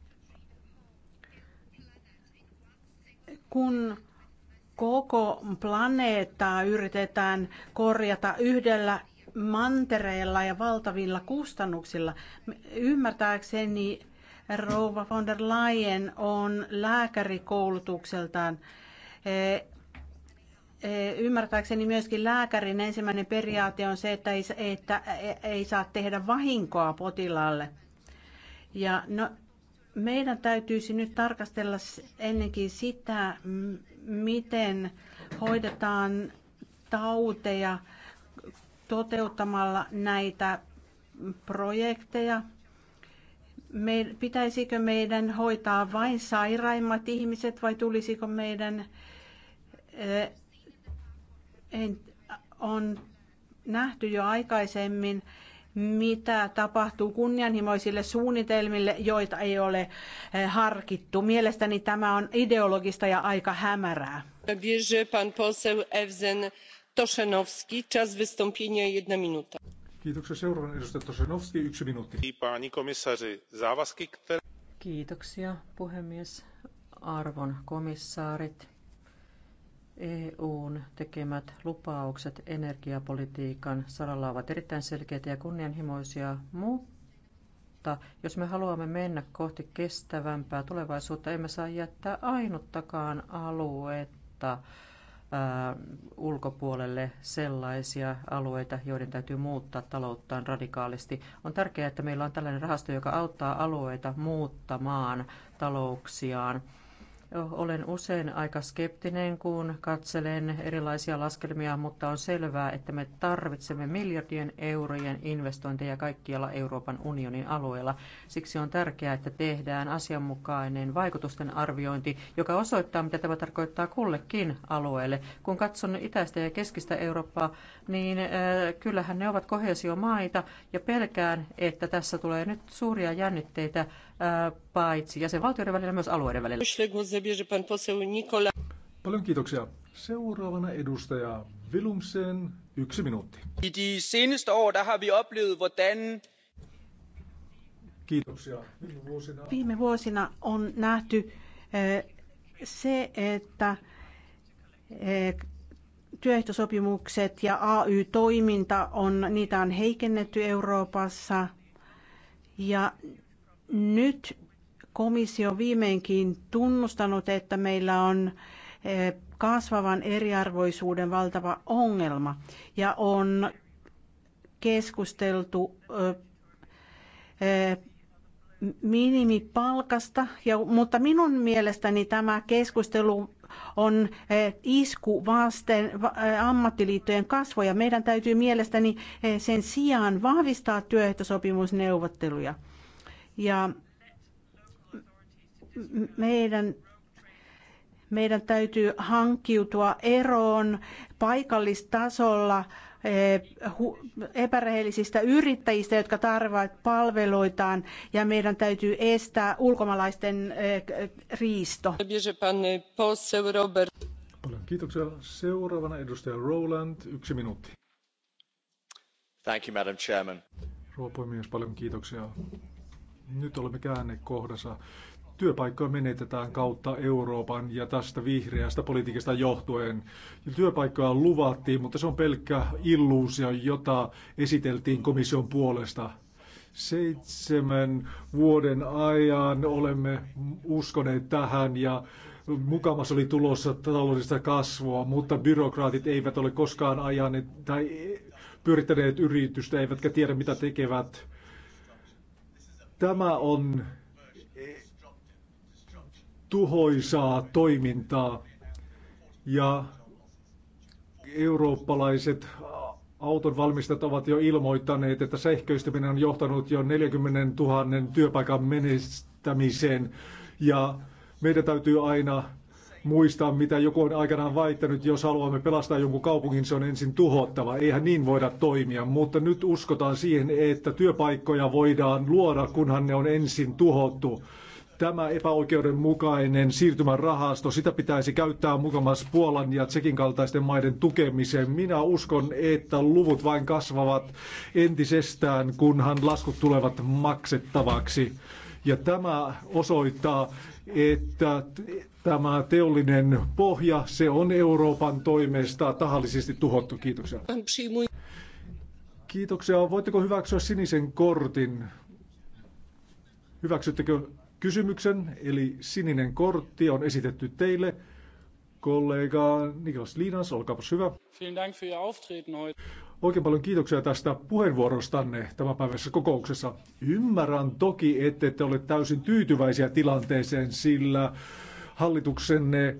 kun koko planeettaa yritetään korjata yhdellä mantereella ja valtavilla kustannuksilla. Ymmärtääkseni rouva von der Leyen on lääkärikoulutukseltaan. Eh, eh, ymmärtääkseni myöskin lääkärin ensimmäinen periaate on se, että ei, että ei saa tehdä vahinkoa potilaalle. Ja no, meidän täytyisi nyt tarkastella ennenkin sitä, miten hoidetaan tauteja toteuttamalla näitä projekteja. Me, pitäisikö meidän hoitaa vain sairaimmat ihmiset vai tulisiko meidän en, on nähty jo aikaisemmin, mitä tapahtuu kunnianhimoisille suunnitelmille, joita ei ole eh, harkittu. Mielestäni tämä on ideologista ja aika hämärää. Bierze pan poseł Evzen Toszenowski. Czas wystąpienia jedna minuta. Kiitoksia. Seuraavan edustaja Toszenowski, yksi minuutti. Pani komissaari, Kiitoksia, puhemies. Arvon komissaarit, EUn tekemät lupaukset energiapolitiikan saralla ovat erittäin selkeitä ja kunnianhimoisia, mutta jos me haluamme mennä kohti kestävämpää tulevaisuutta, emme saa jättää ainuttakaan aluetta ää, ulkopuolelle sellaisia alueita, joiden täytyy muuttaa talouttaan radikaalisti. On tärkeää, että meillä on tällainen rahasto, joka auttaa alueita muuttamaan talouksiaan olen usein aika skeptinen, kun katselen erilaisia laskelmia, mutta on selvää, että me tarvitsemme miljardien eurojen investointeja kaikkialla Euroopan unionin alueella. Siksi on tärkeää, että tehdään asianmukainen vaikutusten arviointi, joka osoittaa, mitä tämä tarkoittaa kullekin alueelle. Kun katson itäistä ja keskistä Eurooppaa, niin äh, kyllähän ne ovat kohesiomaita ja pelkään, että tässä tulee nyt suuria jännitteitä paitsi jäsenvaltioiden välillä myös alueiden välillä. Paljon kiitoksia. Seuraavana edustaja Vilumsen yksi minuutti. Kiitoksia. Viime vuosina, Viime vuosina on nähty se, että työehtosopimukset ja AY-toiminta on, niitä on heikennetty Euroopassa ja nyt komissio on viimeinkin tunnustanut, että meillä on eh, kasvavan eriarvoisuuden valtava ongelma ja on keskusteltu eh, eh, minimipalkasta, ja, mutta minun mielestäni tämä keskustelu on isku vasten ammattiliittojen kasvoja. Meidän täytyy mielestäni sen sijaan vahvistaa työehtosopimusneuvotteluja. Ja meidän, meidän täytyy hankkiutua eroon paikallistasolla eh, epärehellisistä yrittäjistä, jotka tarvitsevat palveluitaan, ja meidän täytyy estää ulkomaalaisten eh, riisto. Paljon kiitoksia. Seuraavana edustaja Roland, yksi minuutti. Thank you, Madam Chairman. Rouva puhemies, paljon kiitoksia. Nyt olemme käännekohdassa. Työpaikkoja menetetään kautta Euroopan ja tästä vihreästä politiikasta johtuen. Työpaikkoja luvattiin, mutta se on pelkkä illuusio, jota esiteltiin komission puolesta seitsemän vuoden ajan olemme uskoneet tähän ja mukamas oli tulossa taloudellista kasvua, mutta byrokraatit eivät ole koskaan ajaneet tai pyörittäneet yritystä, eivätkä tiedä mitä tekevät. Tämä on tuhoisaa toimintaa ja eurooppalaiset auton valmistajat ovat jo ilmoittaneet, että sähköistyminen on johtanut jo 40 000 työpaikan menestämiseen ja meidän täytyy aina Muista, mitä joku on aikanaan väittänyt, jos haluamme pelastaa jonkun kaupungin, se on ensin tuhottava. Eihän niin voida toimia, mutta nyt uskotaan siihen, että työpaikkoja voidaan luoda, kunhan ne on ensin tuhottu. Tämä epäoikeudenmukainen siirtymärahasto, sitä pitäisi käyttää mukamas Puolan ja Tsekin kaltaisten maiden tukemiseen. Minä uskon, että luvut vain kasvavat entisestään, kunhan laskut tulevat maksettavaksi. Ja tämä osoittaa, että tämä teollinen pohja, se on Euroopan toimesta tahallisesti tuhottu. Kiitoksia. Kiitoksia. Voitteko hyväksyä sinisen kortin? Hyväksyttekö kysymyksen? Eli sininen kortti on esitetty teille. Kollega Niklas Liinas, olkaapas hyvä. Oikein paljon kiitoksia tästä puheenvuorostanne päivässä kokouksessa. Ymmärrän toki, että te ole täysin tyytyväisiä tilanteeseen, sillä hallituksenne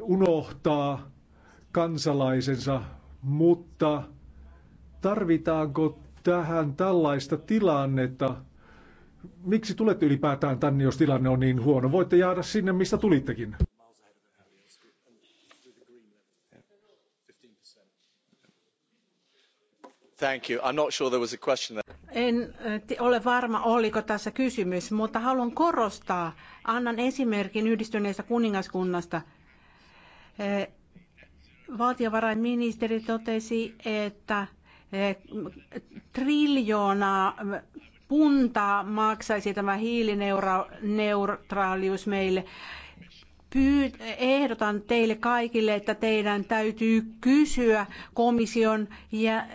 unohtaa kansalaisensa, mutta tarvitaanko tähän tällaista tilannetta? Miksi tulette ylipäätään tänne, jos tilanne on niin huono? Voitte jäädä sinne, mistä tulittekin. En ole varma, oliko tässä kysymys, mutta haluan korostaa. Annan esimerkin yhdistyneestä kuningaskunnasta. Eh, valtiovarainministeri totesi, että eh, triljoonaa eh, puntaa maksaisi tämä hiilineutraalius meille ehdotan teille kaikille, että teidän täytyy kysyä komission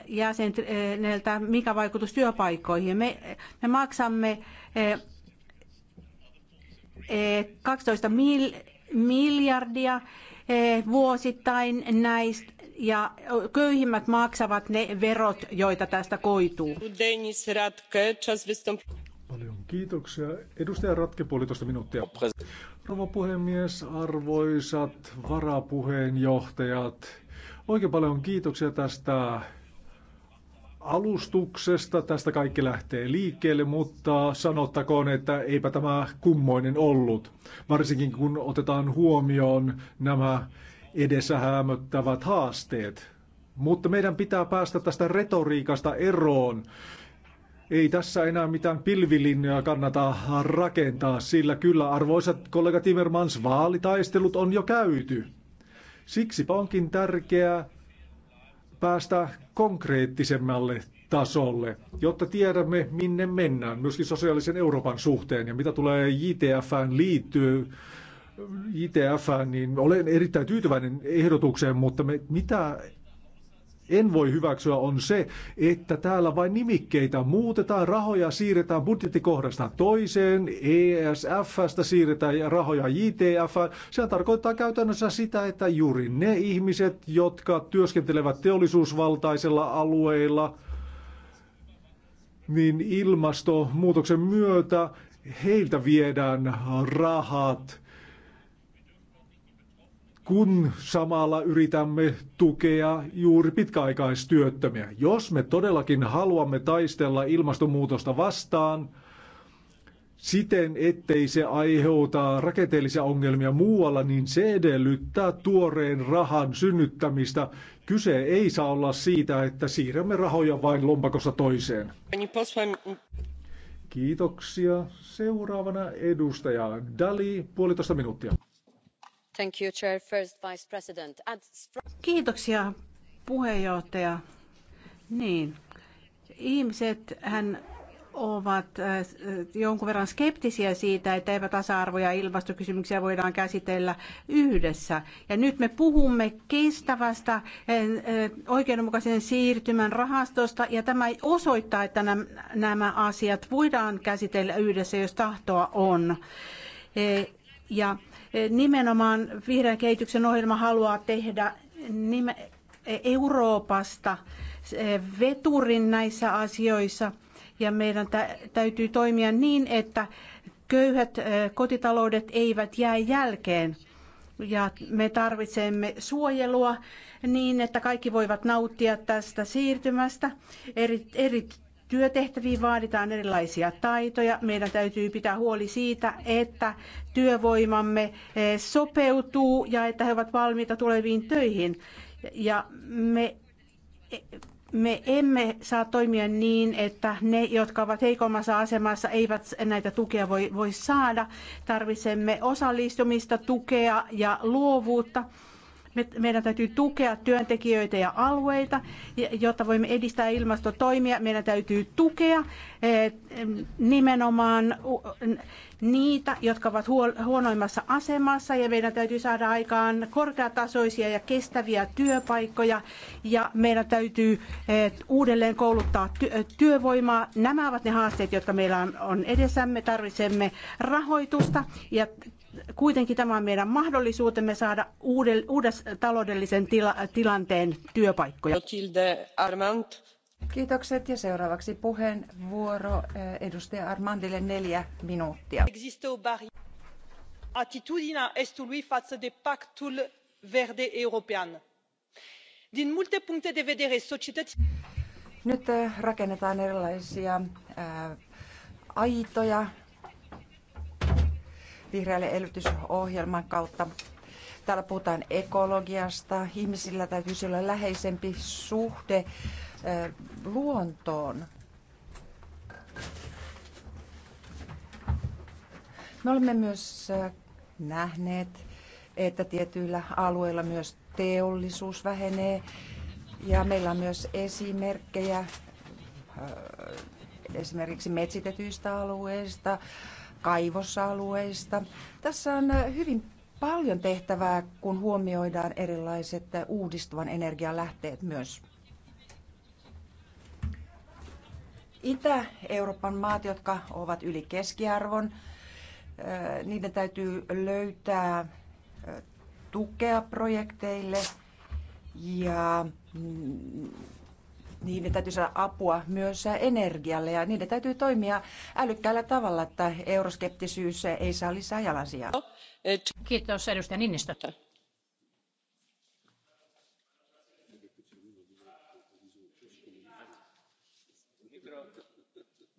jäseneltä, mikä vaikutus työpaikkoihin. Me, me maksamme 12 eh, eh, miljardia eh, vuosittain näistä ja köyhimmät maksavat ne verot, joita tästä koituu. Paljon kiitoksia. Edustaja Ratke, puolitoista minuuttia. Rouva puhemies, arvoisat varapuheenjohtajat, oikein paljon kiitoksia tästä alustuksesta. Tästä kaikki lähtee liikkeelle, mutta sanottakoon, että eipä tämä kummoinen ollut. Varsinkin kun otetaan huomioon nämä edessä hämöttävät haasteet. Mutta meidän pitää päästä tästä retoriikasta eroon. Ei tässä enää mitään pilvilinjoja kannata rakentaa, sillä kyllä arvoisat kollega Timmermans vaalitaistelut on jo käyty. Siksi onkin tärkeää päästä konkreettisemmalle tasolle, jotta tiedämme, minne mennään myöskin sosiaalisen Euroopan suhteen. Ja mitä tulee JTFään liittyy, JTF, niin olen erittäin tyytyväinen ehdotukseen, mutta me, mitä en voi hyväksyä on se, että täällä vain nimikkeitä muutetaan, rahoja siirretään budjettikohdasta toiseen, ESFstä siirretään rahoja JTF. Se tarkoittaa käytännössä sitä, että juuri ne ihmiset, jotka työskentelevät teollisuusvaltaisella alueilla, niin ilmastonmuutoksen myötä heiltä viedään rahat kun samalla yritämme tukea juuri pitkäaikaistyöttömiä. Jos me todellakin haluamme taistella ilmastonmuutosta vastaan siten, ettei se aiheuta rakenteellisia ongelmia muualla, niin se edellyttää tuoreen rahan synnyttämistä. Kyse ei saa olla siitä, että siirrämme rahoja vain lompakosta toiseen. Kiitoksia. Seuraavana edustaja Dali, puolitoista minuuttia. Kiitoksia puheenjohtaja. Niin, ihmiset hän ovat äh, jonkun verran skeptisiä siitä, että epätasa-arvo- ja ilmastokysymyksiä voidaan käsitellä yhdessä. Ja nyt me puhumme kestävästä äh, äh, oikeudenmukaisen siirtymän rahastosta, ja tämä osoittaa, että nämä asiat voidaan käsitellä yhdessä, jos tahtoa on ja e, nimenomaan vihreän kehityksen ohjelma haluaa tehdä e, Euroopasta e, veturin näissä asioissa. Ja meidän täytyy toimia niin, että köyhät kotitaloudet eivät jää jälkeen. Ja me tarvitsemme suojelua niin, että kaikki voivat nauttia tästä siirtymästä. Eri, eri työtehtäviin vaaditaan erilaisia taitoja. Meidän täytyy pitää huoli siitä, että työvoimamme eh, sopeutuu ja että he ovat valmiita tuleviin töihin. Ja me, me emme saa toimia niin, että ne, jotka ovat heikommassa asemassa, eivät näitä tukea voi, voi saada. Tarvitsemme osallistumista, tukea ja luovuutta meidän täytyy tukea työntekijöitä ja alueita, jotta voimme edistää ilmastotoimia. Meidän täytyy tukea eh, nimenomaan niitä, jotka ovat huonoimmassa asemassa ja meidän täytyy saada aikaan korkeatasoisia ja kestäviä työpaikkoja ja meidän täytyy eh, uudelleen kouluttaa eh, työvoimaa. Nämä ovat ne haasteet, jotka meillä on edessämme. Tarvitsemme rahoitusta ja Kuitenkin tämä on meidän mahdollisuutemme saada uuden, uudes taloudellisen tila, tilanteen työpaikkoja. Kiitokset ja seuraavaksi puheenvuoro eh, edustaja Armandille neljä minuuttia. Attitudina Atitudinea lui față de pactul verde european. Din multe puncte de vedere, societăți... Nyt eh, rakennetaan erilaisia ää, eh, aitoja vihreälle elvytysohjelman kautta. Täällä puhutaan ekologiasta, ihmisillä täytyy olla läheisempi suhde luontoon. Me olemme myös nähneet, että tietyillä alueilla myös teollisuus vähenee ja meillä on myös esimerkkejä esimerkiksi metsitetyistä alueista, kaivosalueista. Tässä on äh, hyvin paljon tehtävää, kun huomioidaan erilaiset äh, uudistuvan energian lähteet myös. Itä-Euroopan maat, jotka ovat yli keskiarvon, äh, niiden täytyy löytää tukea projekteille ja mm, niiden täytyy saada apua myös energialle ja niiden täytyy toimia älykkäällä tavalla, että euroskeptisyys ei saa lisää jalansijaa. Kiitos edustaja Ninnistö.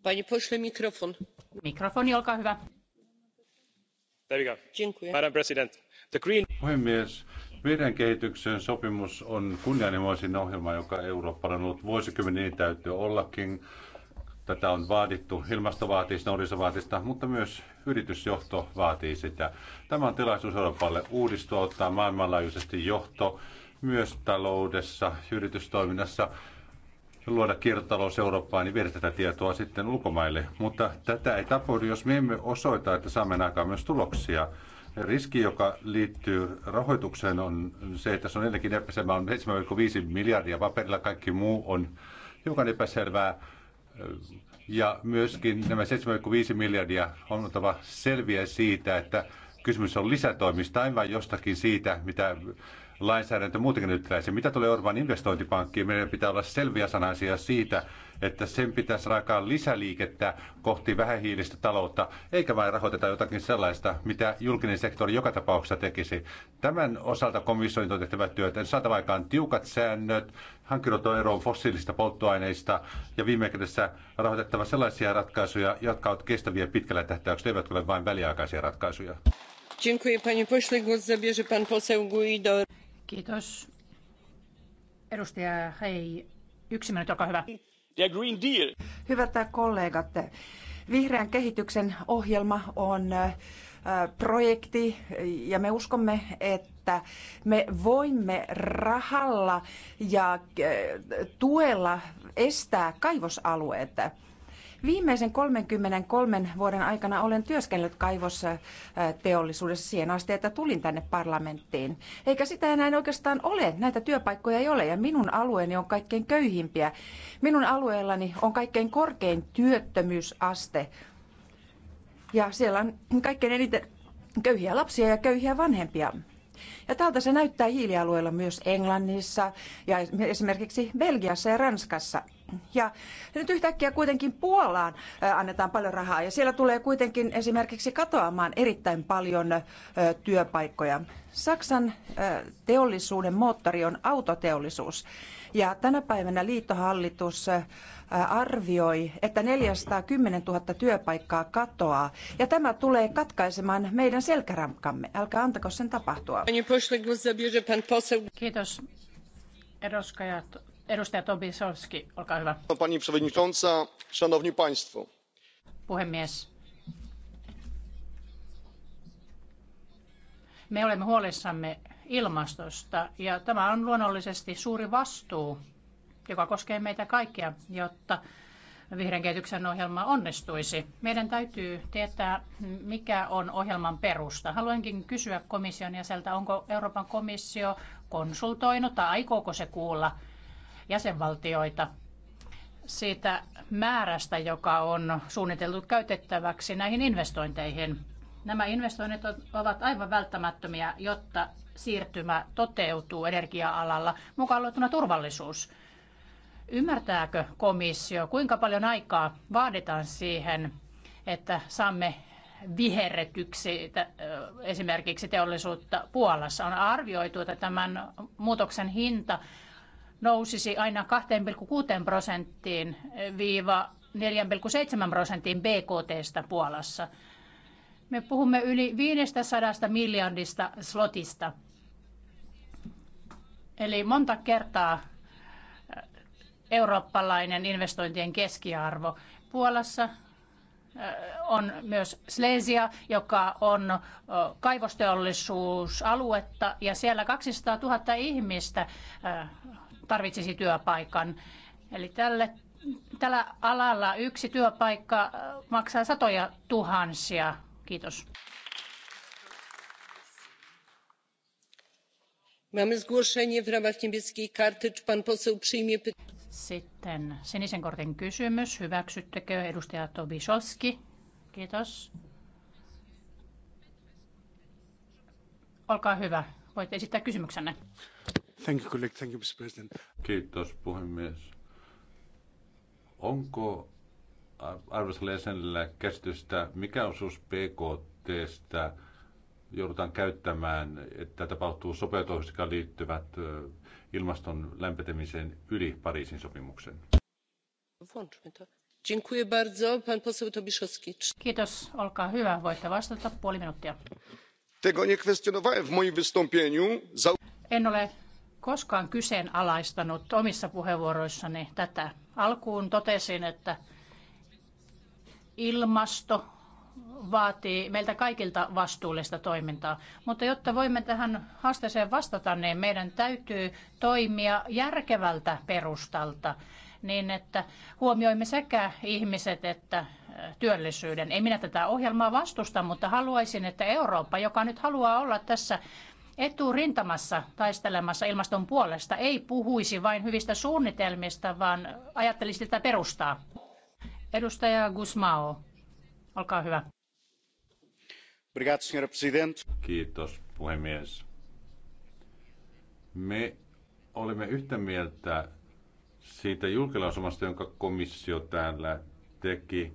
Pani pośle mikrofon. Mikrofoni, olkaa hyvä. There we go. Madam President, the Green... Puhemies, Vihreän kehityksen sopimus on kunnianhimoisin ohjelma, joka Euroopan on ollut vuosikymmeniä, niin täytyy ollakin. Tätä on vaadittu. Ilmasto vaatii, nuoriso vaatii sitä, mutta myös yritysjohto vaatii sitä. Tämä on tilaisuus Euroopalle uudistua, ottaa maailmanlaajuisesti johto myös taloudessa, yritystoiminnassa luoda kiertotalous Eurooppaan, niin viedä tätä tietoa sitten ulkomaille. Mutta tätä ei tapahdu, jos me emme osoita, että saamme aikaan myös tuloksia. Riski, joka liittyy rahoitukseen, on se, että se on ennenkin epäselvää. On 7,5 miljardia paperilla, kaikki muu on hiukan epäselvää. Ja myöskin nämä 7,5 miljardia on oltava selviä siitä, että kysymys on lisätoimista, aivan jostakin siitä, mitä lainsäädäntö muutenkin nyt läisi. Mitä tulee Orban investointipankkiin, meidän pitää olla selviä sanaisia siitä, että sen pitäisi rakaa lisäliikettä kohti vähähiilistä taloutta, eikä vain rahoiteta jotakin sellaista, mitä julkinen sektori joka tapauksessa tekisi. Tämän osalta komission on tehtävä työtä. Saatava aikaan tiukat säännöt, hankinnot on eroon fossiilista polttoaineista ja viime kädessä rahoitettava sellaisia ratkaisuja, jotka ovat kestäviä pitkällä tähtäyksellä, eivät ole vain väliaikaisia ratkaisuja. Dziękuję panie pośle. Głos zabierze pan poseł Guido. Kiitos. Edustaja Hei, yksi minuutti, olkaa hyvä. Hyvät kollegat, vihreän kehityksen ohjelma on äh, projekti ja me uskomme, että me voimme rahalla ja äh, tuella estää kaivosalueet. Viimeisen 33 vuoden aikana olen työskennellyt kaivossa teollisuudessa siihen asti, että tulin tänne parlamenttiin. Eikä sitä enää oikeastaan ole. Näitä työpaikkoja ei ole ja minun alueeni on kaikkein köyhimpiä. Minun alueellani on kaikkein korkein työttömyysaste. Ja siellä on kaikkein eniten köyhiä lapsia ja köyhiä vanhempia. Ja tältä se näyttää hiilialueilla myös Englannissa ja esimerkiksi Belgiassa ja Ranskassa. Ja nyt yhtäkkiä kuitenkin Puolaan annetaan paljon rahaa ja siellä tulee kuitenkin esimerkiksi katoamaan erittäin paljon työpaikkoja. Saksan teollisuuden moottori on autoteollisuus. Ja tänä päivänä liittohallitus arvioi, että 410 000 työpaikkaa katoaa. Ja tämä tulee katkaisemaan meidän selkärankamme. Älkää antako sen tapahtua. Kiitos. Edustajat Edustaja Tobi olkaa hyvä. Pani przewodnicząca, szanowni państwo. Puhemies. Me olemme huolissamme ilmastosta ja tämä on luonnollisesti suuri vastuu, joka koskee meitä kaikkia, jotta vihreän kehityksen ohjelma onnistuisi. Meidän täytyy tietää, mikä on ohjelman perusta. Haluankin kysyä komission jäseltä, onko Euroopan komissio konsultoinut tai aikooko se kuulla jäsenvaltioita siitä määrästä, joka on suunniteltu käytettäväksi näihin investointeihin. Nämä investoinnit ovat aivan välttämättömiä, jotta siirtymä toteutuu energia-alalla, mukaan luettuna turvallisuus. Ymmärtääkö komissio, kuinka paljon aikaa vaaditaan siihen, että saamme viherretyksi esimerkiksi teollisuutta Puolassa? On arvioitu, että tämän muutoksen hinta nousisi aina 2,6 prosenttiin viiva 4,7 prosenttiin BKTstä Puolassa. Me puhumme yli 500 miljardista slotista. Eli monta kertaa äh, eurooppalainen investointien keskiarvo. Puolassa äh, on myös Slesia, joka on äh, kaivosteollisuusaluetta ja siellä 200 000 ihmistä tarvitsisi työpaikan. Eli tälle, tällä alalla yksi työpaikka äh, maksaa satoja tuhansia. Kiitos. Mamy zgłoszenie w ramach niebieskiej karty. Czy pan poseł przyjmie pytanie? Sitten sinisen kortin kysymys. Hyväksyttekö edustaja Tobišovski? Kiitos. Olkaa hyvä. Voitte esittää kysymyksenne. Thank you, colleague. Thank you, Mr. President. Kiitos, puhemies. Onko arvoisella jäsenellä käsitystä, mikä osuus PKTstä joudutaan käyttämään, että tapahtuu sopeutuksia, liittyvät ilmaston lämpetemiseen yli Pariisin sopimuksen? Kiitos, olkaa hyvä. Voitte vastata puoli minuuttia. Tego nie w moim wystąpieniu. En ole koskaan kyseenalaistanut omissa puheenvuoroissani tätä. Alkuun totesin, että ilmasto vaatii meiltä kaikilta vastuullista toimintaa. Mutta jotta voimme tähän haasteeseen vastata, niin meidän täytyy toimia järkevältä perustalta niin, että huomioimme sekä ihmiset että äh, työllisyyden. Ei minä tätä ohjelmaa vastusta, mutta haluaisin, että Eurooppa, joka nyt haluaa olla tässä eturintamassa taistelemassa ilmaston puolesta ei puhuisi vain hyvistä suunnitelmista, vaan ajattelisi tätä perustaa. Edustaja Gusmao, olkaa hyvä. Kiitos puhemies. Me olemme yhtä mieltä siitä julkilausumasta, jonka komissio täällä teki.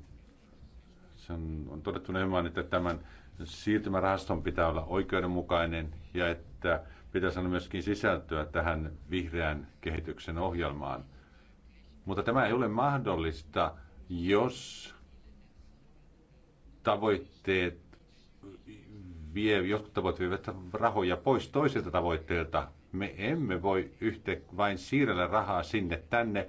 Se on, on todettu nimenomaan, että tämän siirtymärahaston pitää olla oikeudenmukainen ja että pitää sanoa myöskin sisältyä tähän vihreän kehityksen ohjelmaan. Mutta tämä ei ole mahdollista, jos tavoitteet vie, jotkut tavoitteet vievät rahoja pois toisilta tavoitteilta. Me emme voi yhtä vain siirrellä rahaa sinne tänne,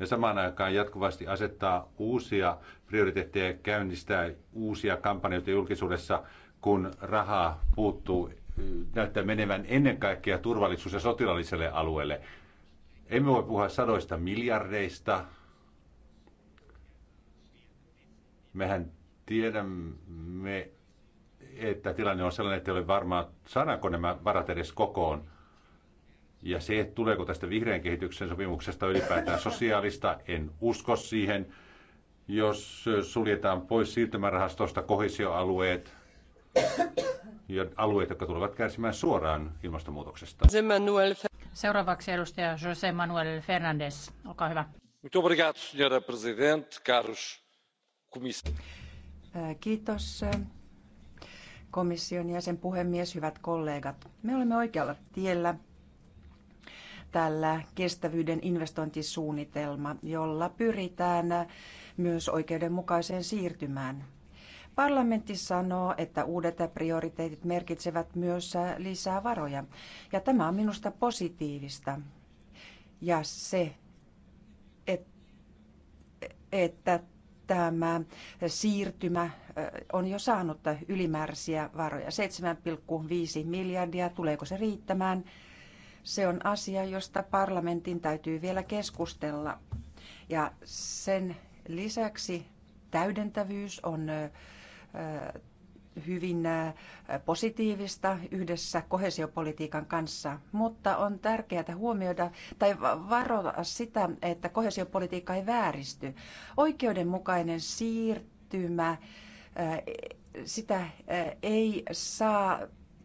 ja samaan aikaan jatkuvasti asettaa uusia prioriteetteja ja käynnistää uusia kampanjoita julkisuudessa, kun rahaa puuttuu, näyttää menevän ennen kaikkea turvallisuus- ja sotilaalliselle alueelle. Emme voi puhua sadoista miljardeista. Mehän tiedämme, että tilanne on sellainen, että ei ole varmaa, saadaanko nämä varat edes kokoon. Ja se, että tuleeko tästä vihreän kehityksen sopimuksesta ylipäätään sosiaalista, en usko siihen. Jos suljetaan pois siirtymärahastosta kohesioalueet, ja alueet, jotka tulevat kärsimään suoraan ilmastonmuutoksesta. Seuraavaksi edustaja José Manuel Fernández, olkaa hyvä. Äh, kiitos äh, komission jäsen puhemies, hyvät kollegat. Me olemme oikealla tiellä tällä kestävyyden investointisuunnitelma, jolla pyritään myös oikeudenmukaiseen siirtymään. Parlamentti sanoo, että uudet prioriteetit merkitsevät myös lisää varoja, ja tämä on minusta positiivista. Ja se, että tämä siirtymä on jo saanut ylimääräisiä varoja, 7,5 miljardia, tuleeko se riittämään? Se on asia, josta parlamentin täytyy vielä keskustella. Ja sen lisäksi täydentävyys on hyvin positiivista yhdessä kohesiopolitiikan kanssa, mutta on tärkeää huomioida tai varoa sitä, että kohesiopolitiikka ei vääristy. Oikeudenmukainen siirtymä, sitä ei saa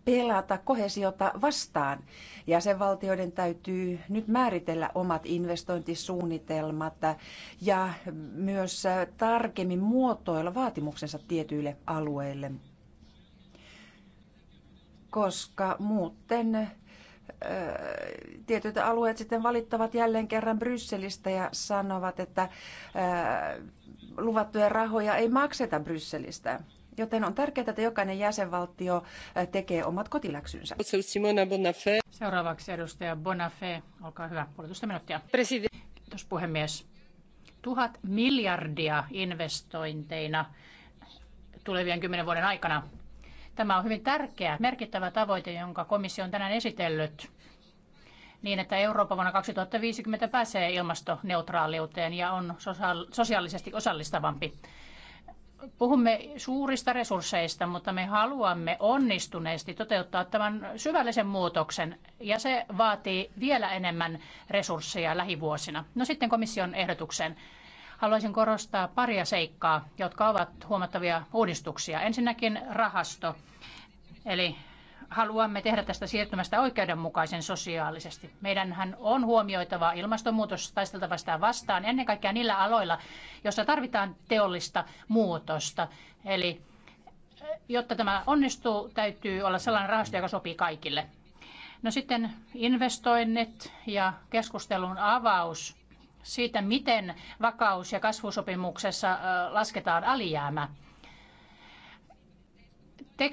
pelata kohesiota vastaan. Jäsenvaltioiden täytyy nyt määritellä omat investointisuunnitelmat ja myös tarkemmin muotoilla vaatimuksensa tietyille alueille, koska muuten tietyt alueet sitten valittavat jälleen kerran Brysselistä ja sanovat, että luvattuja rahoja ei makseta Brysselistä. Joten on tärkeää, että jokainen jäsenvaltio tekee omat kotiläksynsä. Seuraavaksi edustaja Bonafé, olkaa hyvä, puolitoista minuuttia. Kiitos puhemies. Tuhat miljardia investointeina tulevien kymmenen vuoden aikana. Tämä on hyvin tärkeä, merkittävä tavoite, jonka komissio on tänään esitellyt niin, että Eurooppa vuonna 2050 pääsee ilmastoneutraaliuteen ja on sosiaalisesti osallistavampi puhumme suurista resursseista, mutta me haluamme onnistuneesti toteuttaa tämän syvällisen muutoksen, ja se vaatii vielä enemmän resursseja lähivuosina. No sitten komission ehdotukseen. Haluaisin korostaa paria seikkaa, jotka ovat huomattavia uudistuksia. Ensinnäkin rahasto, eli haluamme tehdä tästä siirtymästä oikeudenmukaisen sosiaalisesti. Meidänhän on huomioitava ilmastonmuutos taisteltava sitä vastaan ennen kaikkea niillä aloilla, joissa tarvitaan teollista muutosta. Eli eh, jotta tämä onnistuu, täytyy olla sellainen rahasto, joka sopii kaikille. No sitten investoinnit ja keskustelun avaus siitä, miten vakaus- ja kasvusopimuksessa eh, lasketaan alijäämä